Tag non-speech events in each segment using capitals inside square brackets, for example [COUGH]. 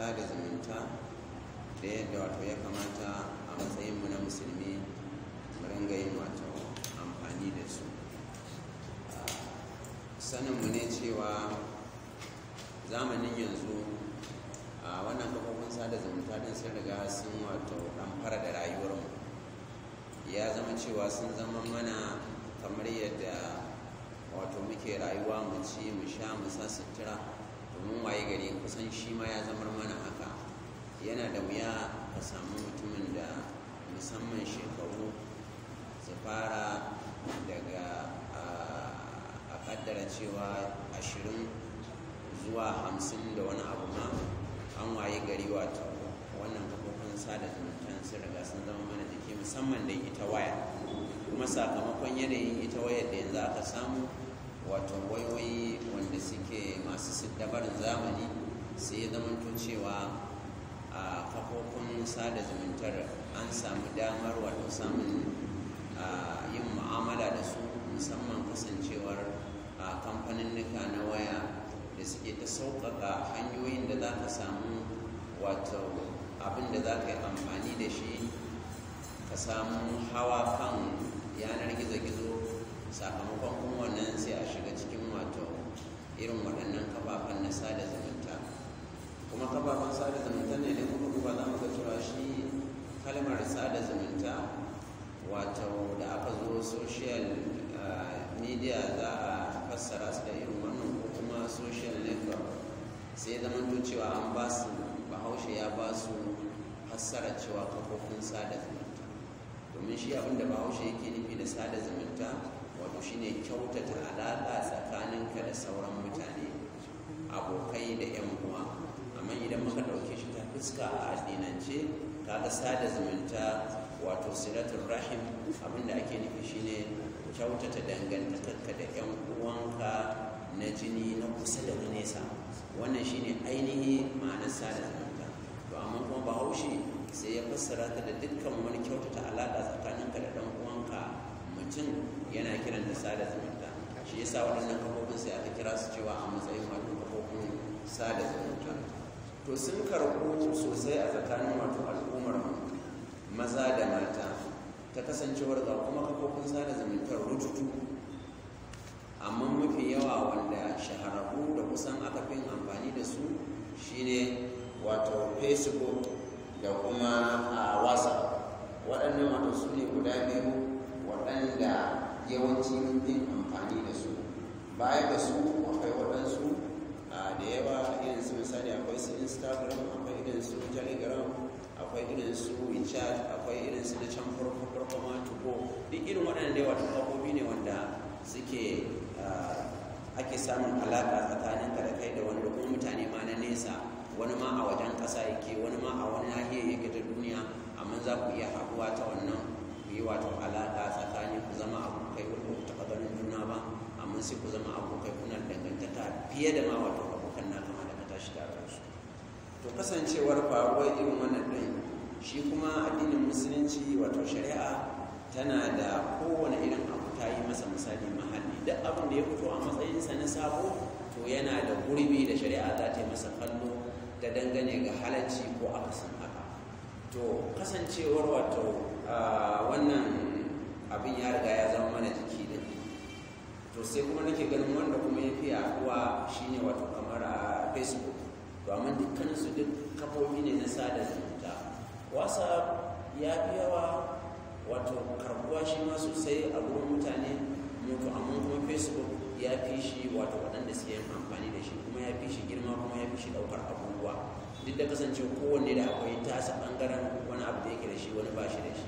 sada zumunta da yadda wato ya kamata a matsayinmu na musulmi mu ringa yin wato amfani da su ah, saninmu ne cewa zamanin yanzu a ah, wannan kafofin sada zumunta din sun riga sun wato fara da rayuwarmu ya zama cewa sun zama mana kamar yadda wato muke rayuwa mu ci mu sha mu sa sutura mun waye gari kusan shi ma ya zamar mana haka yana da wuya ka samu mutumin da musamman shekaru su fara daga a kaddara cewa ashirin zuwa hamsin da wani abu ma an waye gari wato wannan kafofin sada zumuntan sun riga sun zama mana jiki musamman da ita waya kuma sakamakon yanayin ita wayar da yanzu aka samu wato wayoyi wanda suke masu siddabarin zamani sai ya zamanto cewa a kafofin sada zumuntar an samu damar wato samun yin mu'amala da su musamman kasancewar kamfanin nuka na waya da suke ta sauƙaƙa hanyoyin da za ka samu wato abin da za ka yi amfani da shi ka samu hawa kan yanar gizo-gizo sakamakon wannan sai a shiga cikin wato irin waɗannan kafafen na sada zumunta kuma kafafen sada zumunta ne da kuma kuma za mu ga cewa shi kalmar sada zumunta wato da aka zo social ah, media za a fassara su da irin wannan ko kuma social network sai zama cewa an ba su bahaushe ya ba su fassara cewa kafofin sada zumunta domin shi abin da bahaushe yake nufi da sada zumunta to shine kyautata alaƙa tsakaninka da sauran mutane abokai da 'yan uwa amma idan muka ɗauke shi ta fuska a addinance ga sada zumunta wato silatul rahim abinda ake nufi shine kyautata dangantakarka da 'yan uwanka na jini na kusa da nesa wannan shine ainihi ma'anar sada zumunta to amma kuma bahaushe sai ya fassara ta da dukkan wani kyautata alaƙa tsakaninka da ɗan uwanka mutum yana kiran da sada zumunta shi yasa waɗannan kafofin sai aka kira su cewa a matsayin wato kafofin sada zumunta to sun karɓo sosai a tsakanin wato al'ummar maza da mata ta kasancewar ga kuma kafofin sada zumunta rututu amma mafi yawa wanda shahararru da kusan aka fi amfani da su shine wato facebook da kuma a ah, whatsapp waɗannan wato su ne guda biyu waɗanda yawanci fi amfani da su baya ga su akwai waɗansu da yawa irin su misali akwai su instagram akwai irin su telegram akwai irin su wechat akwai irin su na can farko farko ma tuko duk irin waɗanda da yawa kafofi ne wanda suke ake samun alaƙa tsakanin ka da kai da wanda kuma mutane ma na nesa wani ma a wajen ƙasa yake wani ma a wani nahiyar yake ta duniya amma za ku iya haɗuwa ta wannan ku yi wato alaƙa tsakanin ku zama abu kuma sai ku zama abokai kuna dangantaka fiye da ma wato abokan na kama da ka tashi tare su to kasancewar faruwa irin wannan ɗin shi kuma addinin musulunci wato shari'a tana da kowane irin abu ta yi masa misali mahalli duk abin da ya fito a matsayinsa na sabo to yana da gurbi da shari'a za ta yi masa kallo da dangane ga halacci ko akasin haka to kasancewar wato ah, wannan abin ya riga ya zama mana jiki da to sai kuma nake ganin wanda kuma ya fi yaduwa shine wato kamar a facebook to amma dukkanin su duk kafofi ne na sada zumunta whatsapp ya fi yawa wato karbuwa shi ma sosai a gurin mutane to amma kuma facebook ya fi shi wato waɗanda suke yin amfani da shi kuma ya fi shi girma kuma ya fi shi ɗaukar abubuwa duk da kasance kowanne da akwai tasa ɓangaren wani abu da yake da shi wani ba shi da shi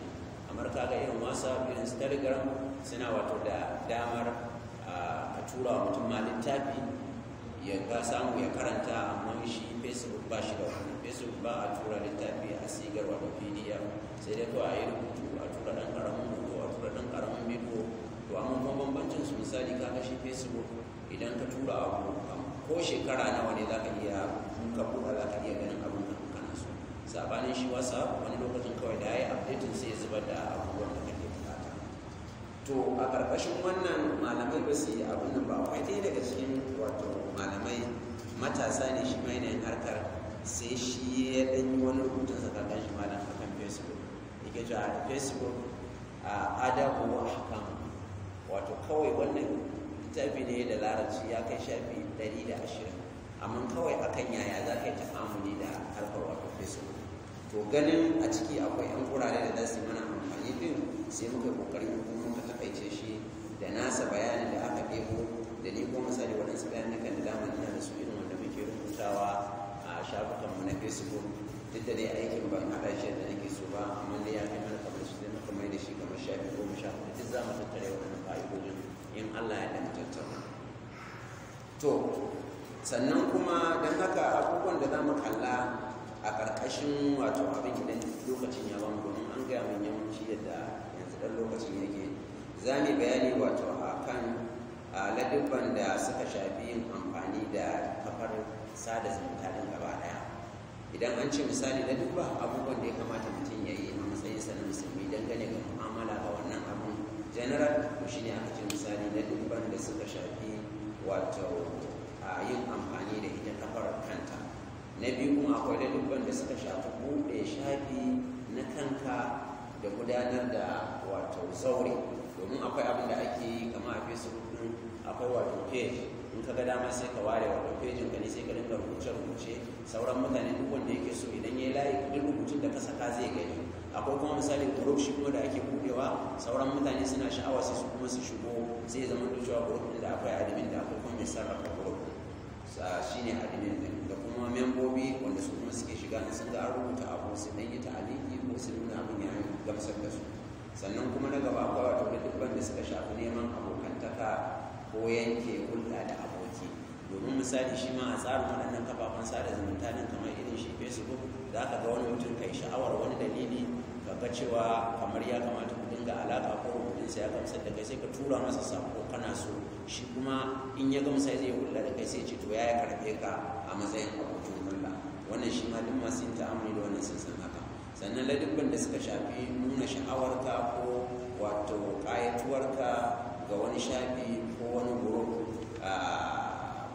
amma ga irin whatsapp irin telegram suna wato da damar tura wa mutum ma littafi ya ga samu ya karanta amma shi facebook ba shi da wani facebook ba a tura littafi a sigar wa pdf sai dai kawai a yi rubutu a tura dan karamin rubutu a tura dan karamin bidiyo to amma kuma bambancin su misali ka shi facebook idan ka tura abu ko shekara nawa ne za ka iya ka buɗa za ka iya ganin abin da kana so sabanin shi whatsapp wani lokacin kawai da ya yi updating sai ya zubar da abu to a ƙarƙashin wannan malamai ba su yi abin nan ba a ɗaya daga cikin wato malamai matasa ne shi mai yin harkar sai shi ya ɗan yi wani rubutun sa ƙarƙar shi malam a kan facebook yake cewa a facebook a adabu wa hakan wato kawai wannan littafi ne da larabci ya kai shafi ɗari da ashirin amma kawai akan yaya za ka yi ta'amuli da harkar wato facebook to ganin a ciki akwai 'yan kurare da za su yi mana amfani din sai muka yi ƙoƙarin nasa bayanin da aka ɗebo da ni kuma misali waɗansu bayanin kan da dama ina da su irin wanda muke rubutawa a mu na facebook duk da dai aikin ban hada shi da ake so ba amma dai ya kai kamar su zama kamar da shi kamar shafi ko mu shafi duk za mu tattare wannan fa'idojin in allah ya dan tattauna to sannan kuma don haka abubuwan da za mu kalla a ƙarƙashin wato abin idan lokacin ya bamu domin an gaya min yawanci yadda yanzu ɗan lokacin yake za mu bayani wato a kan ladubban da suka shafi yin amfani da kafar sada zumunta din gaba ɗaya? idan an ce misali duba abubuwan da ya kamata mutum ya yi a matsayinsa na musulmi dangane ga mu'amala a wannan abu general ko ne aka ce misali duban da suka shafi wato yin amfani da ita kafar kanta na biyu kuma akwai laduban da suka shafi buɗe shafi na kanka da gudanar da wato zaure in akwai abin da ake yi kama a facebook din akwai wato page in ka ga dama sai ka ware wato page ka ne sai ka dinga rubuce rubuce sauran mutane duk wanda yake so idan ya layi duk rubutun da ka saka zai gani akwai kuma misali group shi kuma da ake budewa sauran mutane suna sha'awa sai su kuma su shigo zai zama da cewa group da akwai admin da akwai kuma mai sarrafa group shi ne admin din da kuma membobi wanda su kuma suke shiga sun ga an rubuta abu su dan yi ta'aliki ko su nuna abin ya gamsar da su sannan kuma na gaba akwai wato dubban da suka shafi neman abokantaka ko yanke hulɗa da aboki domin misali shi ma a tsarin waɗannan kafafen sada zumunta ne kamar irin shi facebook za ka ga wani mutum kai sha'awar wani dalili ka ga cewa kamar ya kamata ku dinga alaƙa ko rubutunsa ya gamsa da kai sai ka tura masa sako kana so shi kuma in ya gamsa zai hulɗa da kai sai ce to ya ya karɓe ka a matsayin abokin hulɗa wannan shi ma duk masu yin ta'amuli da wannan sun san haka sannan ladubban da suka shafi nuna sha'awarka ko wato ƙayatuwarka ga wani shafi ko wani guru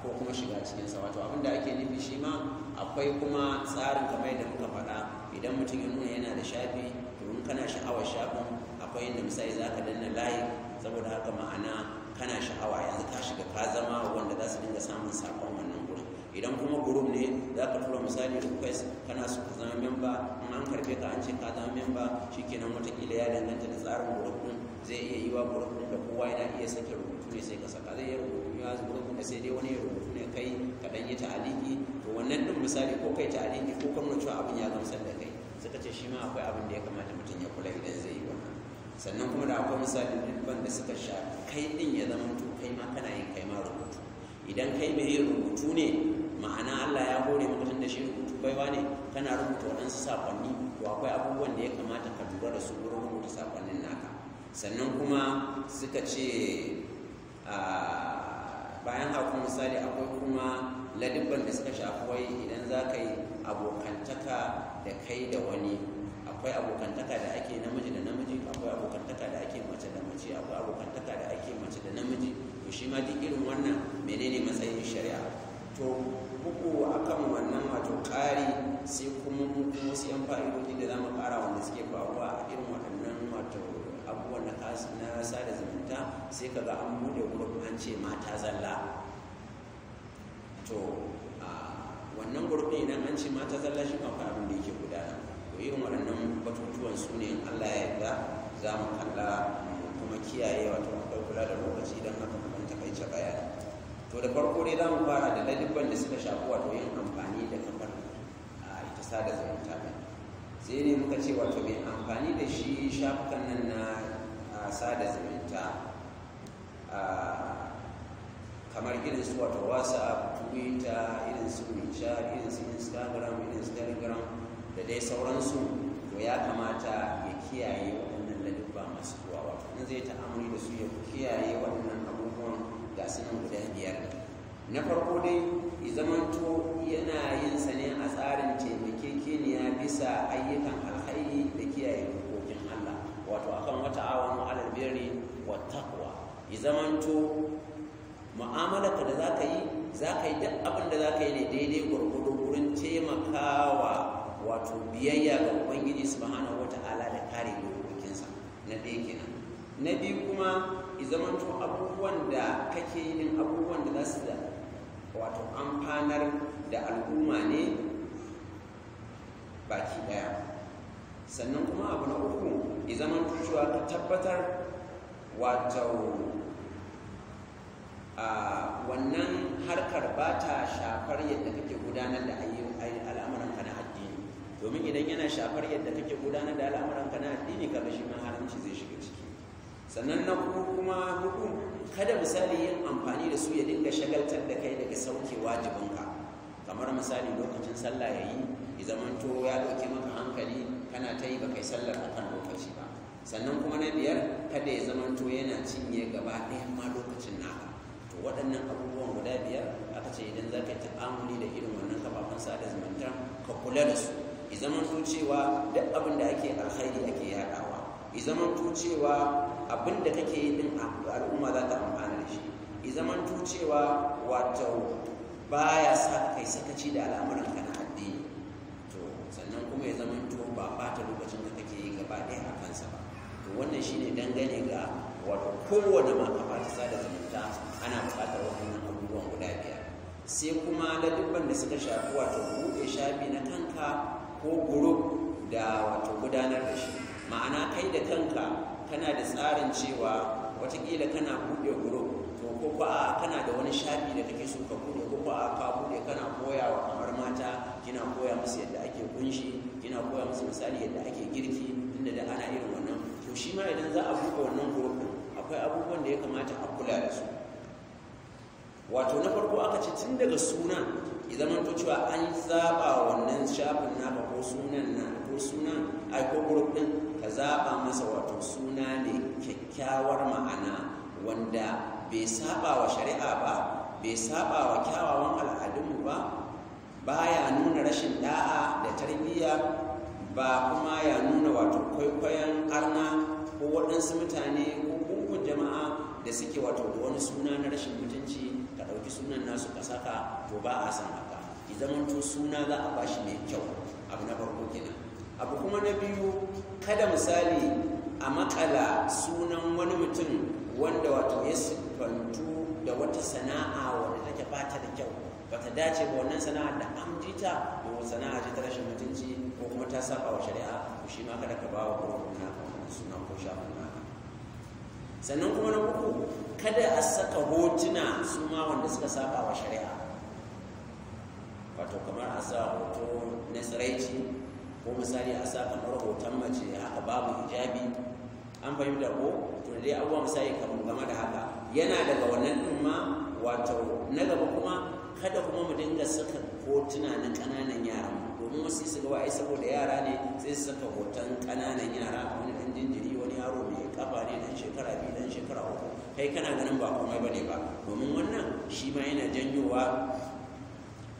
ko kuma shiga cikinsa wato abinda ake nufi shi ma akwai kuma tsarin kamar yadda muka faɗa idan mutum ya nuna yana da shafi domin kana sha'awar shafin akwai inda misali za ka danna layi saboda haka ma'ana kana sha'awa yanzu ka shiga ka zama wanda za su dinga samun sakon wannan gurin idan kuma gurum ne za ka tura misali request kana so ka zama memba amma an karfe ka an ce ka zama memba shikenan watakila ya danganta da tsarin gurukun zai iya yi wa gurukun da kowa yana iya sake rubutu ne sai ka saka zai iya rubutu a gurukun da sai dai wani ya rubutu ne kai ka ɗanyi yi ta'aliki to wannan ɗin misali ko kai ta'aliki ko kuma cewa abin ya gamsar da kai suka ce shi ma akwai abin da ya kamata mutum ya kula idan zai yi wannan sannan kuma da akwai misali ɗin da suka sha kai din ya zama to kai ma kana yin kai ma rubutu idan kai mai rubutu ne ma'ana Allah ya hore mutum da shi rubutu ba ne kana rubuta waɗansu saƙonni to akwai abubuwan da ya kamata ka lura da su wurin rubuta saƙonnin naka sannan kuma suka ce bayan haku misali akwai kuma ladibban da suka shafi wai idan za ka yi abokantaka da kai da wani akwai abokantaka da ake namiji da namiji akwai abokantaka da ake mace da mace akwai abokantaka da ake mace da namiji to shi ma duk irin wannan menene matsayin shari'a to bugu akan wannan wato ƙari sai kuma wasu yan fa'idodi da za mu ƙara wanda suke faruwa a irin waɗannan wato abubuwan na sada zumunta sai kaga an buɗe gurbin an ce mata zalla to wannan gurbin idan an ce mata zalla shi kan abin da yake gudana to irin waɗannan batutuwan su ne Allah ya yarda za mu kalla kuma kiyaye wato akwai kula da lokaci don haka kuma takaice bayani to da farko dai za mu fara da lalibban da suka shafi wato yin amfani da kafar a ita sada zumunta ba sai ne muka ce wato mai amfani da shi shafukan nan na sada zumunta kamar irin su wato whatsapp twitter irin su irin su instagram irin su telegram da dai sauransu to ya kamata ya kiyaye waɗannan lalibba masu zuwa wato in zai ta amuri da su ya kiyaye waɗannan abubuwan ga sunan guda biyar na farko dai zamanto yana yin sa ne a tsarin taimakekeniya bisa ayyukan alkhairi da kiyaye dokokin Allah wato akan wata awa alal wa taqwa zamanto da za ka yi za ka yi duk abin da za yi ne daidai gwargwado wurin taimakawa wato biyayya ga ubangiji wata wata'ala da kare dokokinsa na ɗaya kenan na biyu kuma izaman to abubuwan da kake yin abubuwan da za su da wato amfanar da al'umma ne baki daya sannan kuma abu na uku izaman cewa ka tabbatar wato a wannan harkar ba ta shafar yadda kake gudanar da al'amuranka na addini domin idan yana shafar yadda kake gudanar da al'amuranka na addini ka shi ma haramci zai shiga ciki sannan na kuma hudu kada misali yin amfani da su ya dinga shagaltar da kai daga sauke wajibinka kamar misali lokacin sallah ya yi ya zamanto ya ɗauki maka hankali kana ta yi ba kai sallar akan lokaci ba sannan kuma na biyar kada ya zamanto yana cinye gaba ɗayan ma lokacin naka to waɗannan abubuwan guda biyar aka ce idan za ka yi ta'amuli da irin wannan kafafen sada zumunta ka kula da su ya zamanto cewa duk abin da ake alkhairi ake yaɗawa i zamanto cewa abin da kake yi din al'umma za ta amfana da shi i zamanto cewa wato baya sa kai sakaci da al'amuran ka na addini to sannan kuma ya zamanto ba ta lokacin da kake yi gaba ɗaya a kansa ba to wannan shine dangane ga wato kowane ma fata sa da zumunta ana buƙatar wannan abubuwan guda biyar sai kuma ladubban da suka shafi wato buɗe shafi na kanka ko guruf da wato gudanar da shi ma'ana kai da kanka kana da tsarin cewa watakila kana buɗe guro to ko ba a kana da wani shafi da kake so ka buɗe ko ba a ka buɗe kana koya wa kamar mata kina koya musu yadda ake kunshi kina koya musu misali yadda ake girki inda da ana irin wannan to shi ma idan za a buɗe wannan guru akwai abubuwan da ya kamata a kula da su wato na farko aka ce tun daga suna idan mun cewa an zaɓa wannan shafin naka ko sunan na ko suna ai ko group ɗin ka zaɓa masa wato suna ne kyakkyawar ma'ana wanda bai saba wa shari'a ba bai saba wa kyawawan al'adunmu ba baya nuna rashin da'a da tarbiyya ba kuma ya nuna wato kwaikwayon arna ko waɗansu mutane ko gungun jama'a da suke wato da wani suna na rashin mutunci ɗauki sunan nasu ka saka to ba a san haka idan to suna za a bashi mai kyau abu na farko kenan abu kuma na biyu kada misali a makala sunan wani mutum wanda wato ya sifantu da wata sana'a wanda take bata da kyau bata dace ba wannan sana'a da an ta ko sana'a ce ta rashin mutunci ko kuma ta saba wa shari'a shi ma kada ka ba wa gurbin na sunan ko shafi sannan kuma na uku kada a saka hotuna su ma wanda suka saba wa shari'a wato kamar a sa hoto na tsiraici ko misali a sa kamar hoton mace haka babu hijabi an fahimta ko to dai abuwa misali kamar game da haka yana daga wannan din ma wato na gaba kuma kada kuma mu dinga saka hotuna na ƙananan yara domin wasu su ga wa'ai saboda yara ne sai su saka hoton kananan yara wani ɗan jinjiri ne dan shekara biyu dan shekara uku kai kana ganin ba komai bane ba domin wannan shi ma yana janyowa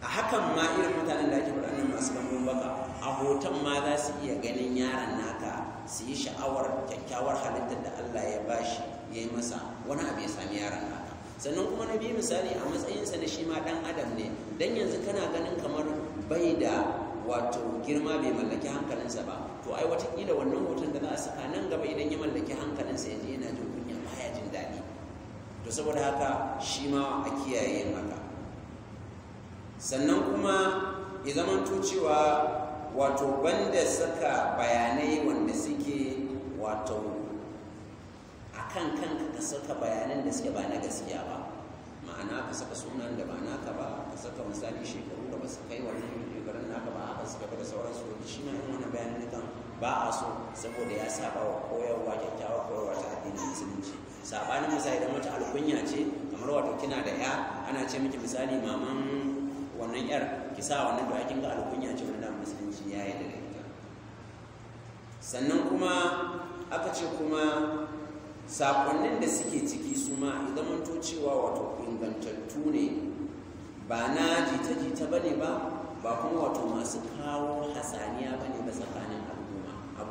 a hakan ma irin mutanen da ake faɗanin masu gamon baka a hoton ma za su iya ganin yaron naka su yi sha'awar kyakkyawar halittar da Allah ya bashi ya yi masa wani abu ya sami yaron naka sannan kuma na biyu misali a matsayinsa na shi ma ɗan adam ne dan yanzu kana ganin kamar bai da wato girma bai mallaki hankalinsa ba to ai watakila wannan hoton da za a saka nan gaba idan ya mallaki hankalinsa ya je yana jin kunya baya jin daɗi to saboda haka shi ma a kiyaye haka sannan kuma ya zama cewa wato banda saka bayanai wanda suke wato a kan kanka ka saka bayanan da suke ba na gaskiya ba ma'ana ka saka sunan da ba naka ba ka saka misali shekaru da ba su kai wannan shekarun naka ba a saka da sauransu shi ma wani bayanan da kan ba a so saboda ya saba wa koyarwa kyakkyawar koyarwa ta addinin musulunci sabanin misali idan mace alkunya ce kamar wato kina da ya ana ce miki misali maman wannan yar ki sa wannan da kin ga alkunya ce wannan musulunci ya yi da ita sannan kuma aka ce kuma sakonnin da suke ciki su ma idan mun cewa wato ingantattu ne ba na jita-jita ba ne ba ba kuma wato masu kawo hasaniya ba ba tsakanin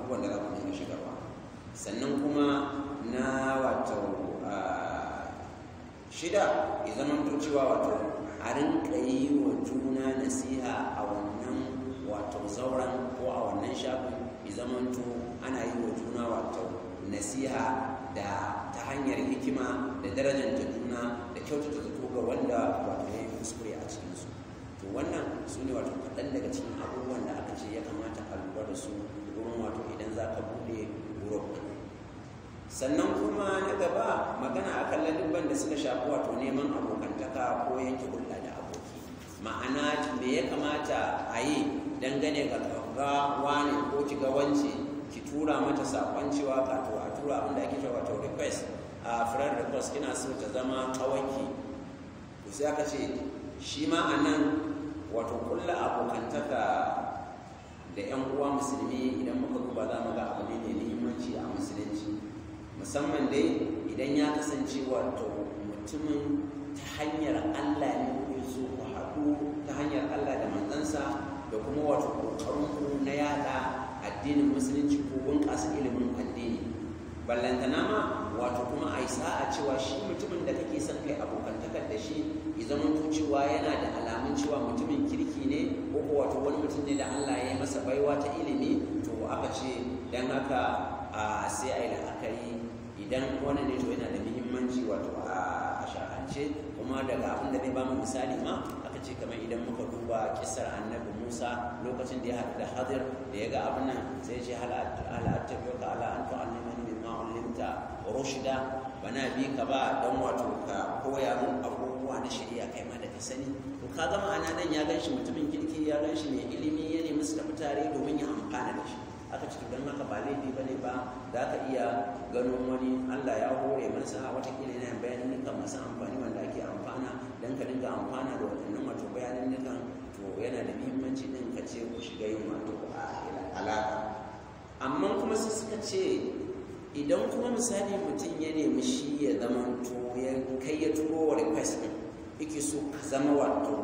abubuwan da za dinga shigarwa sannan kuma na wato shida ya zama cewa wato a rinka yi wa juna nasiha a wannan wato zauren ko a wannan shafin ya zama ana yi wa juna wato nasiha da ta hanyar hikima da darajanta juna da kyautata zato ga wanda wato ya yi kuskure a cikinsu to wannan su ne wato kaɗan daga cikin abubuwan da aka ce ya kamata a lura da su wato idan za ka buɗe europe sannan kuma na gaba magana a akan ladubban da suka shafi wato neman abokantaka ko yanke hulɗa da aboki ma'ana me ya kamata a yi dangane ga ga wani ko ki ga wance ki tura mata sakon cewa ka a tura abin da ake cewa wato request a friend request kina so ta zama kawaki to sai aka ce shi ma anan wato kulla abokantaka da 'yan uwa musulmi idan muka duba za mu ga abu ne mai muhimmanci a musulunci musamman dai idan ya kasance wato mutumin ta hanyar Allah ne ya zo ku haɗu ta hanyar Allah da manzansa da kuma wato ku na yaɗa addinin musulunci ko bunƙasa ilimin addini ballantana ma wato kuma a yi sa'a cewa shi mutumin da kake son kai abokantakar da shi ya zama cewa yana da alamun cewa mutumin kirki ne ko wato wani mutum ne da Allah ya yi masa baiwa ta ilimi to aka ce dan haka a sai a yi la'akari idan wani ne to yana da muhimmanci wato a shahance kuma daga abin da zai ba mu misali ma aka ce kamar idan muka duba kisar annabi musa lokacin da ya haɗu da hadir da ya ga abin nan sai ce hala'atta biyu ka ala an bana bi ka ba don wato ka koya mun abu abubuwa na shari'a kai ma da ka sani to ka zama ana nan ya gan shi mutumin kirki ya gan shi mai ilimi ya nemi su tafi tare domin ya amfana da shi aka ci don haka ba laifi ne ba za ka iya gano wani Allah ya hore masa watakila yana bayanin nukan masu amfani wanda ake amfana don ka dinga amfana da waɗannan wato bayanin nukan to yana da muhimmanci din ka ce ku shiga yin wato a alaƙa amma kuma sai suka ce idan kuma misali mutum ya nemi shi ya zama ya kai ya turo wa request ɗin yake so ka zama wato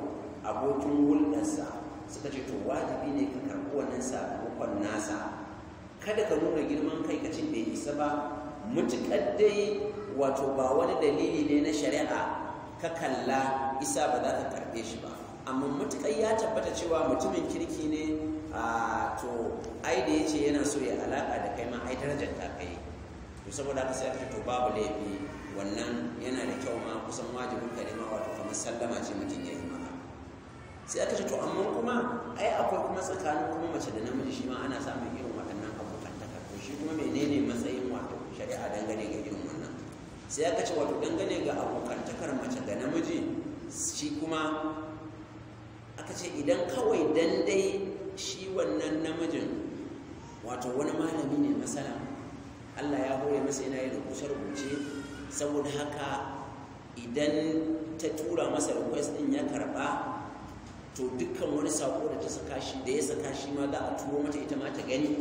abokin hulɗarsa suka ce to wajibi ne ka karɓi wannan sakamakon nasa kada ka nuna girman kai ka ce ya isa ba mutuƙar dai wato ba wani dalili ne na shari'a ka kalla isa ba za ka karɓe shi ba amma mutuƙar ya tabbata cewa mutumin kirki ne a ah, to ai da ya ce yana so ya alaƙa da kai ma ai darajar ta kai saboda haka sai aka to babu laifi wannan yana da kyau ma kusan wajibin kalima wato kamar sallama ce mutum ya yi maka sai aka ce to amma kuma ai akwai kuma tsakanin kuma mace da namiji shi ma ana samun irin waɗannan abokan takardu shi kuma menene matsayin wato shari'a dangane ga irin wannan sai aka ce wato dangane ga abokan takar mace da namiji shi kuma aka ce idan kawai dandai dai shi wannan namijin wato wani malami ne masana Allah ya hore masa yana yin rubuce-rubuce saboda haka idan ta tura masa request din ya karba to dukkan wani sako da ta saka shi da ya saka shi ma za a turo mata ita ma ta gani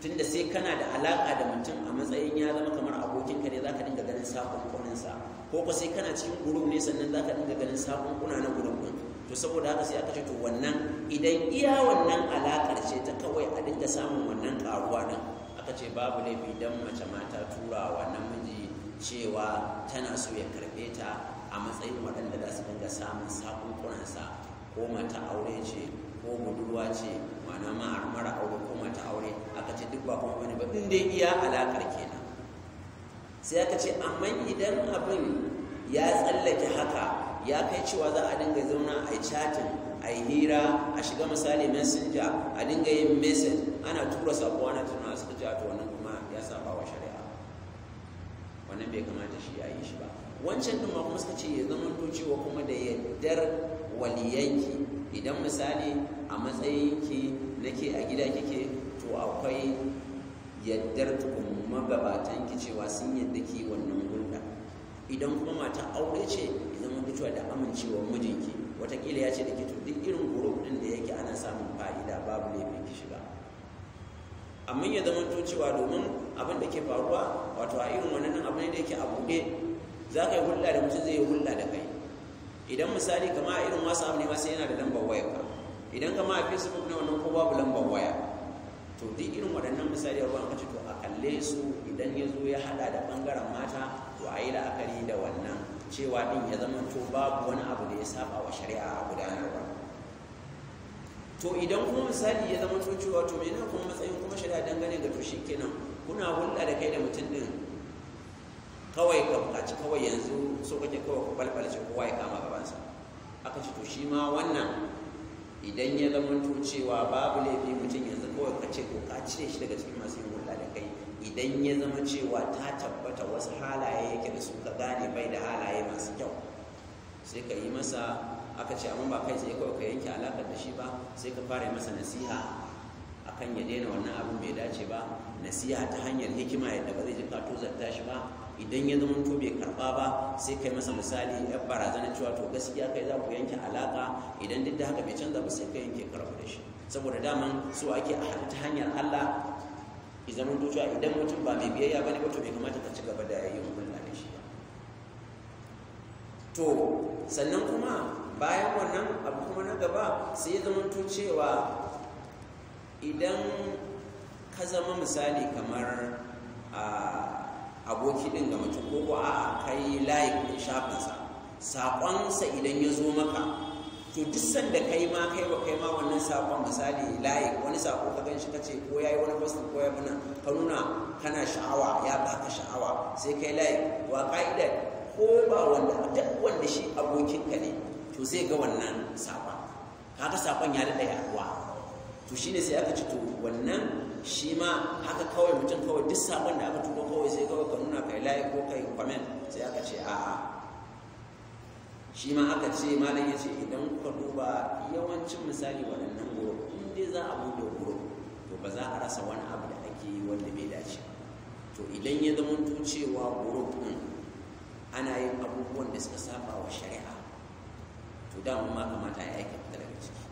tunda sai kana da alaka da mutum a matsayin ya zama kamar abokin abokinka ne zaka dinga ganin sakonkunan sa ko ko sai kana cikin group ne sannan zaka dinga ganin kuna na group to saboda haka sai aka ce to wannan idan iya wannan alakar ce ta kawai a dinga samun wannan karuwa din aka ce babu laifi don mace mata turawa namiji cewa tana so ya karɓe ta a matsayin waɗanda za su dinga samun sakunkunansa ko mata aure ce ko budurwa ce ma'ana ma mara aure ko mata aure aka ce duk ba kuma bane ba in dai iya alaƙar kenan sai aka ce amma idan abin ya tsallake haka ya kai cewa za a dinga zauna a yi chatin a yi hira a shiga misali messenger a dinga yin message ana tura sabuwa na tura hujja to wannan kuma ya saba wa shari'a wannan bai kamata shi ya yi shi ba wancan din ma kuma suka ce ya zama to cewa kuma da yaddar waliyanki idan misali a matsayinki nake a gida kike to akwai yaddar tukun magabatan ki cewa sun yadda ki wannan hulɗa idan kuma mata aure ce ya zama cewa da amincewa mijinki watakila ya ce da ke to duk irin guruf ɗin da yake ana samun fa'ida babu laifin ki shiga amma ya zama to cewa domin abin da ke faruwa wato a irin wannan abin da yake a buɗe za ka yi hulɗa da mutum zai yi hulɗa da kai idan misali kama a irin wasu abu ne ma sai yana da lambar waya ka idan kama a facebook na wannan ko babu lambar waya to duk irin waɗannan misali a ruwan kaci to a kalle su idan ya zo ya haɗa da ɓangaren mata to a yi la'akari da wannan cewa ɗin ya zama to babu wani abu da ya saba wa shari'a a gudanar to idan kuma misali ya zama cewa to nan kuma matsayin kuma shari'a dangane ga to kenan kuna hulɗa da kai da mutum ɗin? kawai ka buƙaci kawai yanzu so kake kawai ku balbalce kowa ya kama gabansa aka ce to shi ma wannan idan ya zama cewa babu laifi mutum yanzu kawai ka ce ko ka cire shi daga cikin masu yin hulɗa da kai idan ya zama cewa ta tabbata wasu halaye yake da su ka gane bai da halaye masu kyau sai ka yi masa aka ce amma ba kai sai kawai ka yanke alaƙar da shi ba sai ka fara masa nasiha akan ya daina wannan abin bai dace ba nasiha ta hanyar hikima yadda ba zai ji ka zata shi ba idan ya zama to bai karba ba sai kai masa misali ya barazana cewa to gaskiya kai za ku yanke alaka idan duk da haka bai canza ba sai kai yanke karba da shi saboda daman su ake a ta hanyar Allah idan mun cewa idan mutum ba mai biyayya bane ba to bai kamata ka ci gaba da yayin hulɗa da shi to sannan kuma bayan wannan abu kuma na gaba sai zamanto cewa idan ka zama misali kamar aboki din ga mutum ko a kai layi ɗin shafinsa saƙonsa idan ya zo maka to duk sanda kai ma kai wa kai ma wannan saƙon misali layi wani saƙo ka gan shi ka ce ko ya yi wani fasin ko ya muna ka nuna kana sha'awa ya baka sha'awa sai kai layi wa ka'idar ko ba wanda duk wanda shi abokinka ne to sai ga wannan saƙon haka saƙon ya daɗa yaduwa to shine sai aka ci to wannan shi ma haka kawai mutum kawai duk saƙon da aka tuko kawai sai kawai ka nuna kai layi ko kai kwamen sai aka ce a'a shi ma aka ce malam ya ce idan kuka duba yawancin misali waɗannan guro in dai za a buɗe gurbi to ba za a rasa wani abu da ake yi wanda bai dace to idan ya zama cewa gurbi ɗin ana yin abubuwan da suka saba wa shari'a to dama ma kamata ya aika daga ciki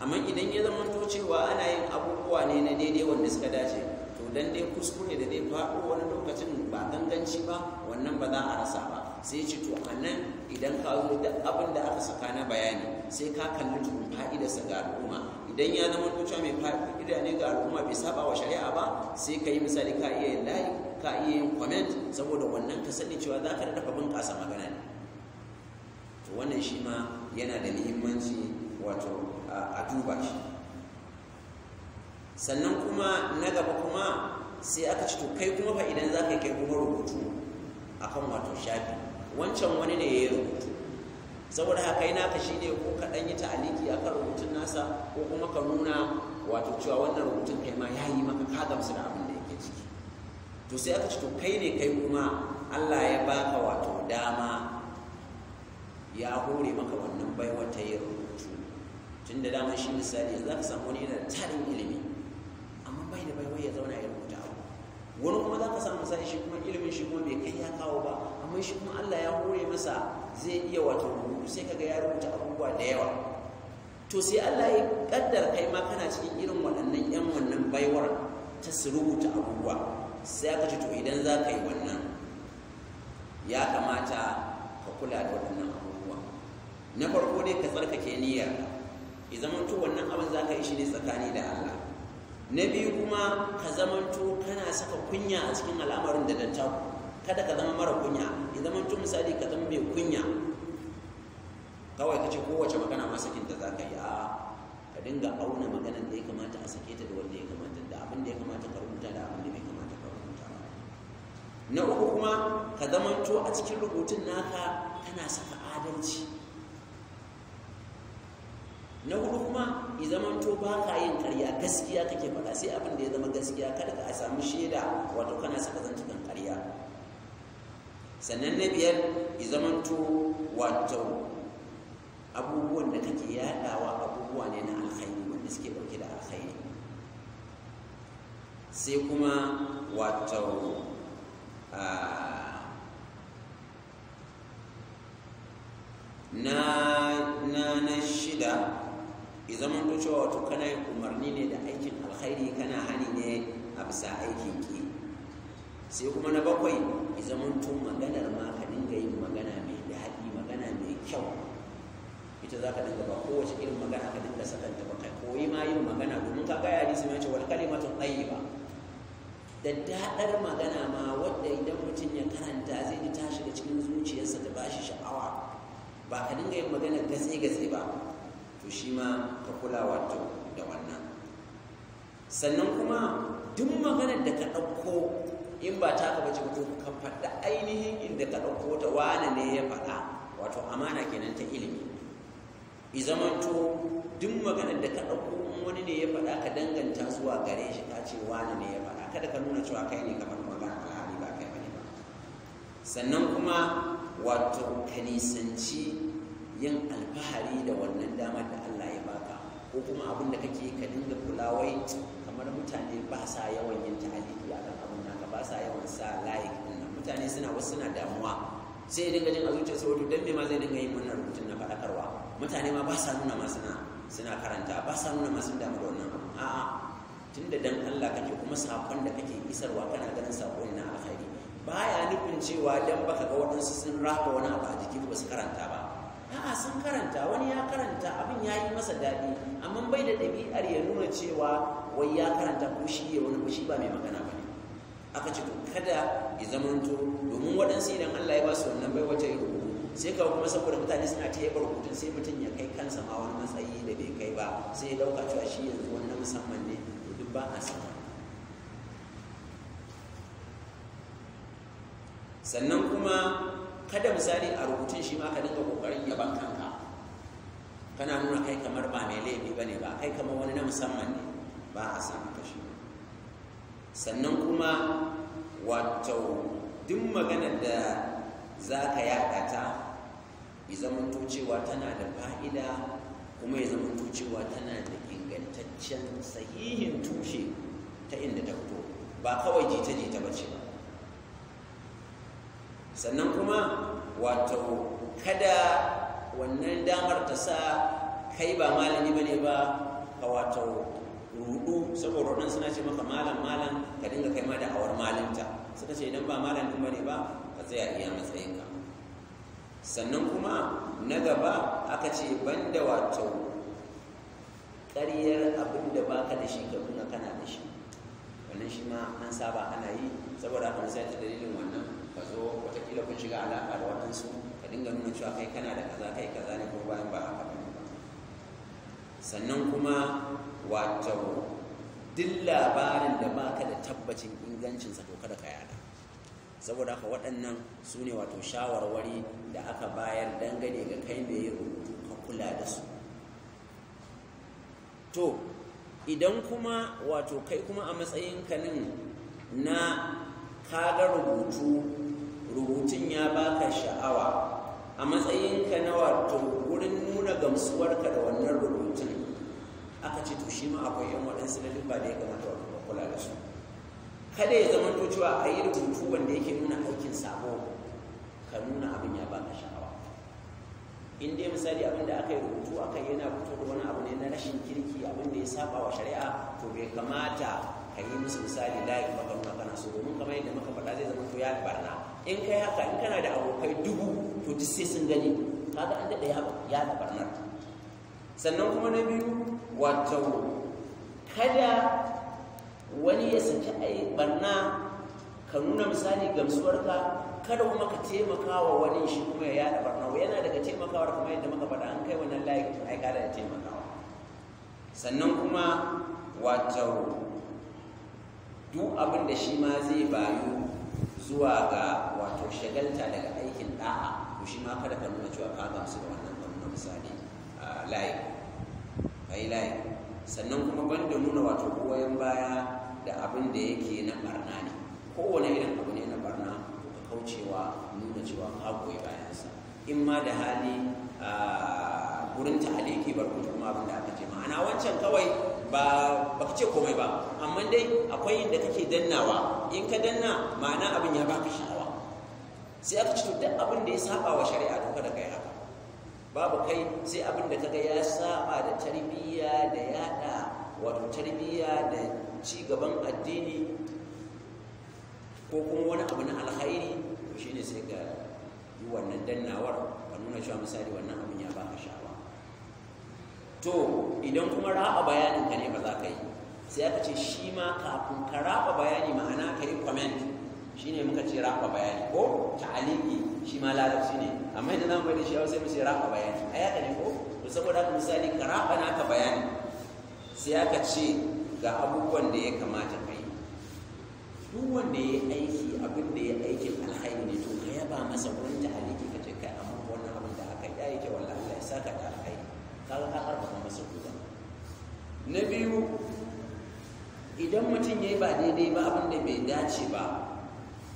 amma idan ya zama to cewa ana yin abubuwa ne na daidai wanda suka dace to dan dai kuskure da dai faɗo wani lokacin ba ganganci ba wannan ba za a rasa ba sai ce to a nan idan ka zo da abin da aka saka na bayani sai ka kalli tukun fa'idarsa ga al'umma idan ya zama cewa mai fa'ida ne ga al'umma bai saba wa shari'a ba sai ka yi misali ka iya yin layi ka iya yin comment saboda wannan ka sani cewa za ka dafa bunƙasa magana ne to wannan shi ma yana da muhimmanci wato a duba shi sannan kuma na gaba kuma sai aka ci kai kuma fa idan za ka kai kuma rubutu akan wato shafi wancan wani ne ya yi rubutu saboda haka yana ka shi ne ko ka ɗan yi ta'aliki akan rubutun nasa ko kuma ka nuna wato cewa wannan rubutun kai ma ya yi maka ka gamsu da abin da yake ciki to sai aka ci kai ne kai kuma Allah ya baka wato dama ya hore maka wannan baiwar ta yi rubutu tun da dama shi misali za ka samu wani yana tarin ilimi amma bai da baiwar ya zauna ya rubuta abu wani kuma za ka samu misali shi kuma ilimin shi kuma bai kai ya kawo ba amma shi kuma Allah ya hore masa zai iya wato rubutu sai kaga ya rubuta abubuwa da yawa to sai Allah ya kaddar kai ma kana cikin irin waɗannan yan wannan baiwar ta su rubuta abubuwa sai aka ce to idan za ka yi wannan ya kamata ka kula da waɗannan na farko dai ka tsarkake niyya ya zamanto wannan abin za ka yi shi ne tsakani da Allah na biyu kuma ka zamanto kana saka kunya a cikin al'amarin da danta kada ka zama mara kunya ya zamanto misali ka zama mai kunya kawai ka ce kowace magana ma sakin da za ka yi a ka dinga auna maganar da ya kamata a sake ta da wanda ya kamata da abin da ya kamata ka rubuta da abin da bai kamata ka rubuta ba na uku kuma ka zamanto a cikin rubutun naka kana saka adalci na hudu kuma i zaman to ba ka yin karya gaskiya kake faɗa sai abin da ya zama gaskiya kada ka samu shaida wato kana saka zantukan karya sannan na biyar i zaman to wato abubuwan da kake yadawa abubuwa ne na alkhairi wanda suke dauke da alkhairi sai kuma wato ah, na zaman to cewa wato kana yin umarni ne da aikin alkhairi kana hani ne a bisa aikin ki sai kuma na bakwai ya zaman to maganar ma ka dinga yin magana mai daɗi magana mai kyau ita za ka dinga ba kowace irin magana ka dinga sakanta ba kai koyi ma yin magana domin ka gaya hadisi mai wani kalimatun ba. da daɗar magana ma wadda idan mutum ya karanta zai ji ta shiga cikin zuciyarsa da ba shi sha'awa ba ka dinga yin magana gatsi-gatsi ba shi ma ka kula wato da wannan sannan kuma duk maganar da ka ɗauko in ba ta ka bace to ka faɗa ainihin inda ka ɗauko ta wane ne ya faɗa wato amana kenan ta ilimi i zamanto duk maganar da ka ɗauko in wani ne ya faɗa ka danganta zuwa gare shi ta ce wane ne ya faɗa kada ka nuna cewa kai ne ka faɗa magana alhali ba kai bane ba sannan kuma wato ka nisanci yin alfahari da wannan damar da ko kuma abin da kake ka dinga kulawai kamar mutane ba sa yawan yin ta'aliki a kan abin naka ba sa yawan sa layik ɗin mutane suna wasu suna damuwa sai ya dinga jin a zuciya wato dan me ma zai dinga yin wannan rubutun na faɗakarwa mutane ma ba sa nuna ma suna suna karanta ba sa nuna ma sun damu da wannan abin a'a da dan Allah kake kuma sakon da kake isarwa kana ganin sakon na alheri baya nufin cewa dan baka ga waɗansu sun raba wani abu a jiki ba su karanta ba a'a sun karanta wani ya karanta abin ya yi masa daɗi amma bai da ɗabi'ar ya nuna cewa wai ya karanta ko shi ya wani ba shi ba mai magana ba ne aka ce kada ya zamanto domin waɗansu idan Allah ya ba su wannan bai wata rubutu sai kawo kuma saboda mutane suna ta yaba rubutun sai mutum ya kai kansa ma wani matsayi da bai kai ba sai ya dauka cewa shi yanzu wani musamman ne to duk ba a sannan kuma kada misali a rubutun shi ma ka dinga kokarin yaban kanka kana nuna kai kamar ba mai laifi bane ba kai kamar wani na musamman ne ba a samu kashi sannan kuma wato duk maganar da za ka yaɗa ta ya zama cewa tana da fa'ida kuma ya zama cewa tana da ingantaccen sahihin tushe ta inda ta fito ba kawai jita-jita ba ce ba sannan kuma wato kada wannan damar ta sa kai ba malami bane ba ka wato rudu saboda wadannan suna ce maka malam malam ka dinga kai ma da awar malamta suka ce idan ba malam din bane ba ka tsaya iya matsayinka sannan kuma na gaba aka ce banda wato ƙaryar abin da baka da shi ka kuna kana da shi wannan shi ma an saba ana yi shiga alaƙa da waɗansu ka dinga nuna cewa kai kana da kaza kai kaza ne ko bayan ba haka ba sannan kuma wato duk labarin da ba ka da tabbacin ingancinsa to kada ka yada saboda haka waɗannan su ne wato shawarwari da aka bayar dangane ga kai mai rubutu ka kula da su to idan kuma wato kai kuma a matsayin kanin na kaga rubutu rubutun ya baka sha'awa a matsayinka na wato wurin nuna gamsuwarka da wannan rubutun aka ce to shi ma akwai yan waɗansu lalin ba da ya kamata wa kula da su kada ya zama to cewa a yi rubutu wanda yake nuna aikin sabo ka nuna abin ya baka sha'awa in dai misali abin da aka yi rubutu yi yana fito da wani abu ne na rashin kirki abin da ya saba wa shari'a to bai kamata ka yi musu misali layi nuna kana so domin kamar yadda muka faɗa zai zama to ya barna in kai haka in kana da abokai dubu to duk sai sun gani kaga an daɗa ya da sannan kuma na biyu wato kada wani ya saki a barna ka nuna misali gamsuwarka kada kuma ka taimaka wa wani shi kuma ya yada barna yana daga taimakawa, kuma yadda muka faɗa an kai wannan layi to ai da taimakawa sannan kuma wato duk abin da shi ma zai bayu zuwa ga wato shagalta daga aikin da'a to shi ma kada ka nuna cewa ka su da wannan ba misali misali layi kai layi sannan kuma banda nuna wato goyon baya da abin da yake na barna ne kowane irin abu ne na barna ka kaucewa nuna cewa ka goyi bayansa in ma da hali a gurin ta aliki bar kuma abin da aka ce ma'ana wancan kawai ba ba ka ce komai ba amma dai akwai da kake dannawa in ka danna ma'ana abin ya baka sha'awa sai aka ci duk abin da ya saba wa shari'a to kada kai haka babu kai sai abin da kaga ya saba da tarbiyya da yada wato tarbiyya da ci gaban addini ko kuma wani abu na alkhairi shine sai ka wannan dannawar ka nuna cewa misali wannan to idan kuma raba bayanin ka ne ba za ka yi sai aka ce shi ma kafin ka raba bayani ma'ana ka yi comment shi ne muka ce raba bayani ko ta Aliki shi ma larabci ne amma idan zamu bada shi yau sai mu ce raba bayani a yaka ne ko to saboda haka misali ka raba naka bayani sai aka ce ga abubuwan da ya kamata ka yi duk wanda ya aiki abin da ya aiki, alhaini ne to ka yaba masa wurin Aliki ka ce kai amma wannan abin da aka yi ya yi kyau wallahi Allah ya saka kaga ka karfafa masa guda na biyu idan mutum ya yi ba daidai ba abinda bai dace ba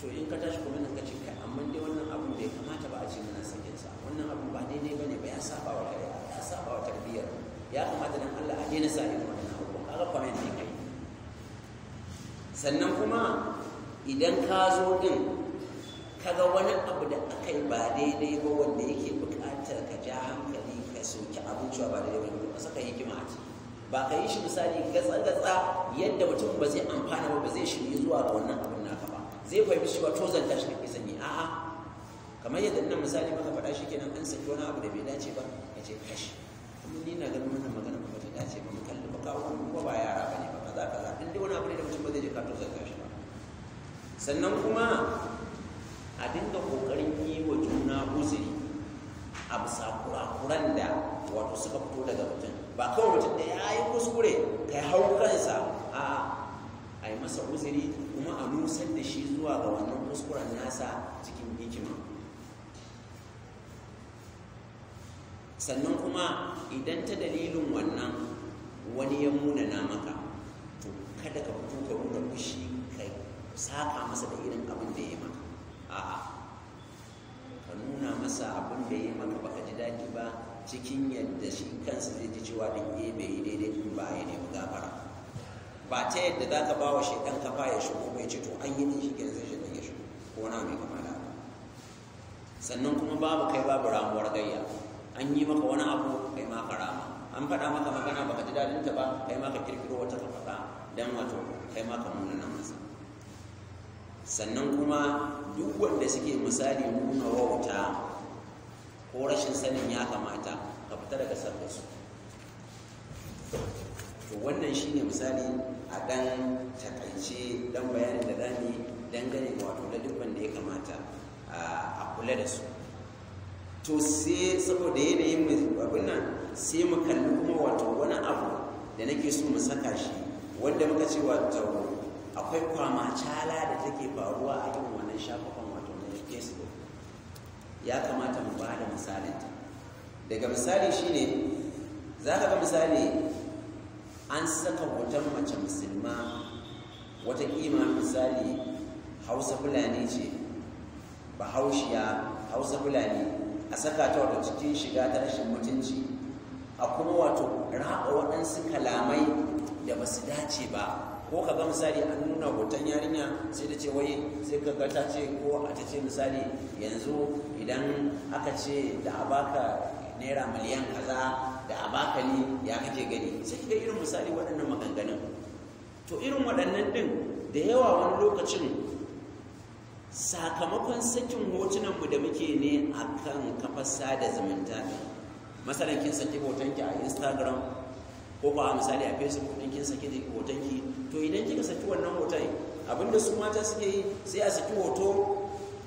to in ka tashi kuma ka ce kai amma dai wannan abin bai kamata ba a ce mana sakin sa wannan abin ba daidai bane ba ya saba wa shari'a ya saba wa tarbiyyar ya kamata dan Allah a daina sa irin wannan abu kaga comment ne kai sannan kuma idan ka zo din kaga wani abu da aka yi ba daidai ba wanda yake buƙatar ka ja hankali soki abin cewa ba daidai bane ka saka hikima a ciki ba ka yi shi misali gatsa-gatsa yadda mutum ba zai amfana ba ba zai shirye zuwa ga wannan abin naka ba zai fahimci cewa to zanta shi kake sanyi. a'a kamar yadda nan misali muka faɗa shi kenan an saki wani abu da bai dace ba ya ce kashi kuma ni na ganin wannan magana ba ta dace ba mu kalli ba kawo kuma ba yara ba ne ba kaza kaza in dai wani abu ne da mutum ba zai je ka to zanta shi ba sannan kuma a dinga kokarin yi wa juna uzuri a bisa kurakuran da wato suka fito daga mutum ba kawai mutum da ya yi kuskure kai hau kansa a a yi masa uzuri kuma a nusar da shi zuwa ga wannan kuskuren nasa cikin hikima sannan kuma idan ta dalilin wannan wani ya muna munana maka to kada ka fito ka nuna fushi ka saka masa da irin abin da ya maka a'a nuna masa abin da ya maka baka ji daɗi ba cikin yadda shi kansa zai ji cewa din eh bai yi daidai tun ba ya nemi gafara ba ta yadda za ka ba wa ɗan kafa ya shigo mai ce an yi ne shi ke zai shaidan ya shigo ko na mai kama da sannan kuma babu kai babu ramuwar gayya an yi maka wani abu kai ma rama an faɗa maka magana baka ji ta ba kai ma ka kirkiro wata ka faɗa wato kai ma ka nan masa sannan kuma duk wanda suke misali nuna wauta ko rashin sanin ya kamata ka fita daga su, to wannan shine misali a ɗan takaice ɗan bayanin da zani dangane wato da duk da ya kamata a kula da su to sai saboda yanayin abin nan sai mu kalli kuma wato wani abu da nake so mu saka shi wanda muka ce wato akwai kwama cala da take faruwa a yin wannan shafukan wato na facebook ya kamata mu ba da ta daga misali shine za ka ga misali an saka hoton mace musulma wata kima misali hausa fulani ce bahaushiya hausa fulani a saka ta wata cikin shiga ta rashin mutunci a kuma wato ra'a waɗansu kalamai da ba su dace ba ko ka ga misali an nuna hoton yarinya sai da ce wai sai ka ga ta ce ko a ta ce misali yanzu idan aka ce da a baka naira miliyan kaza da a baka ne ya kake gani sai ka irin misali waɗannan maganganun to irin waɗannan ɗin da yawa wani lokacin sakamakon sakin hotunanmu da muke ne akan kan kafar sada zumunta masalan kin saki hotonki a instagram ko ba misali a facebook din kin saki hoton ki to idan kika saki wannan hoton abinda su mata suke yi sai a saki hoto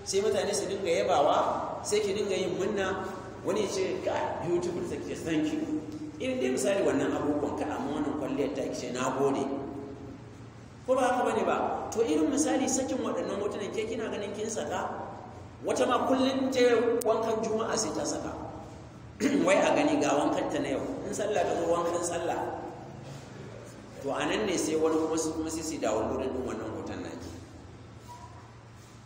sai mutane su dinga yabawa sai ki dinga yin munna wani ce ga beautiful saki thank you irin dai misali wannan abubuwan ka amma wannan kwalliyar ta ce na gode ko ba haka bane ba to irin misali sakin waɗannan hotunan ke kina ganin kin saka wata ma kullum je wankan juma'a sai ta saka [CLEARS THROAT] wai a gani ga wankan ta na yau in sallah ka zo wankan sallah to a nan ne sai wani kuma sai su dawo wurin din wannan hoton ke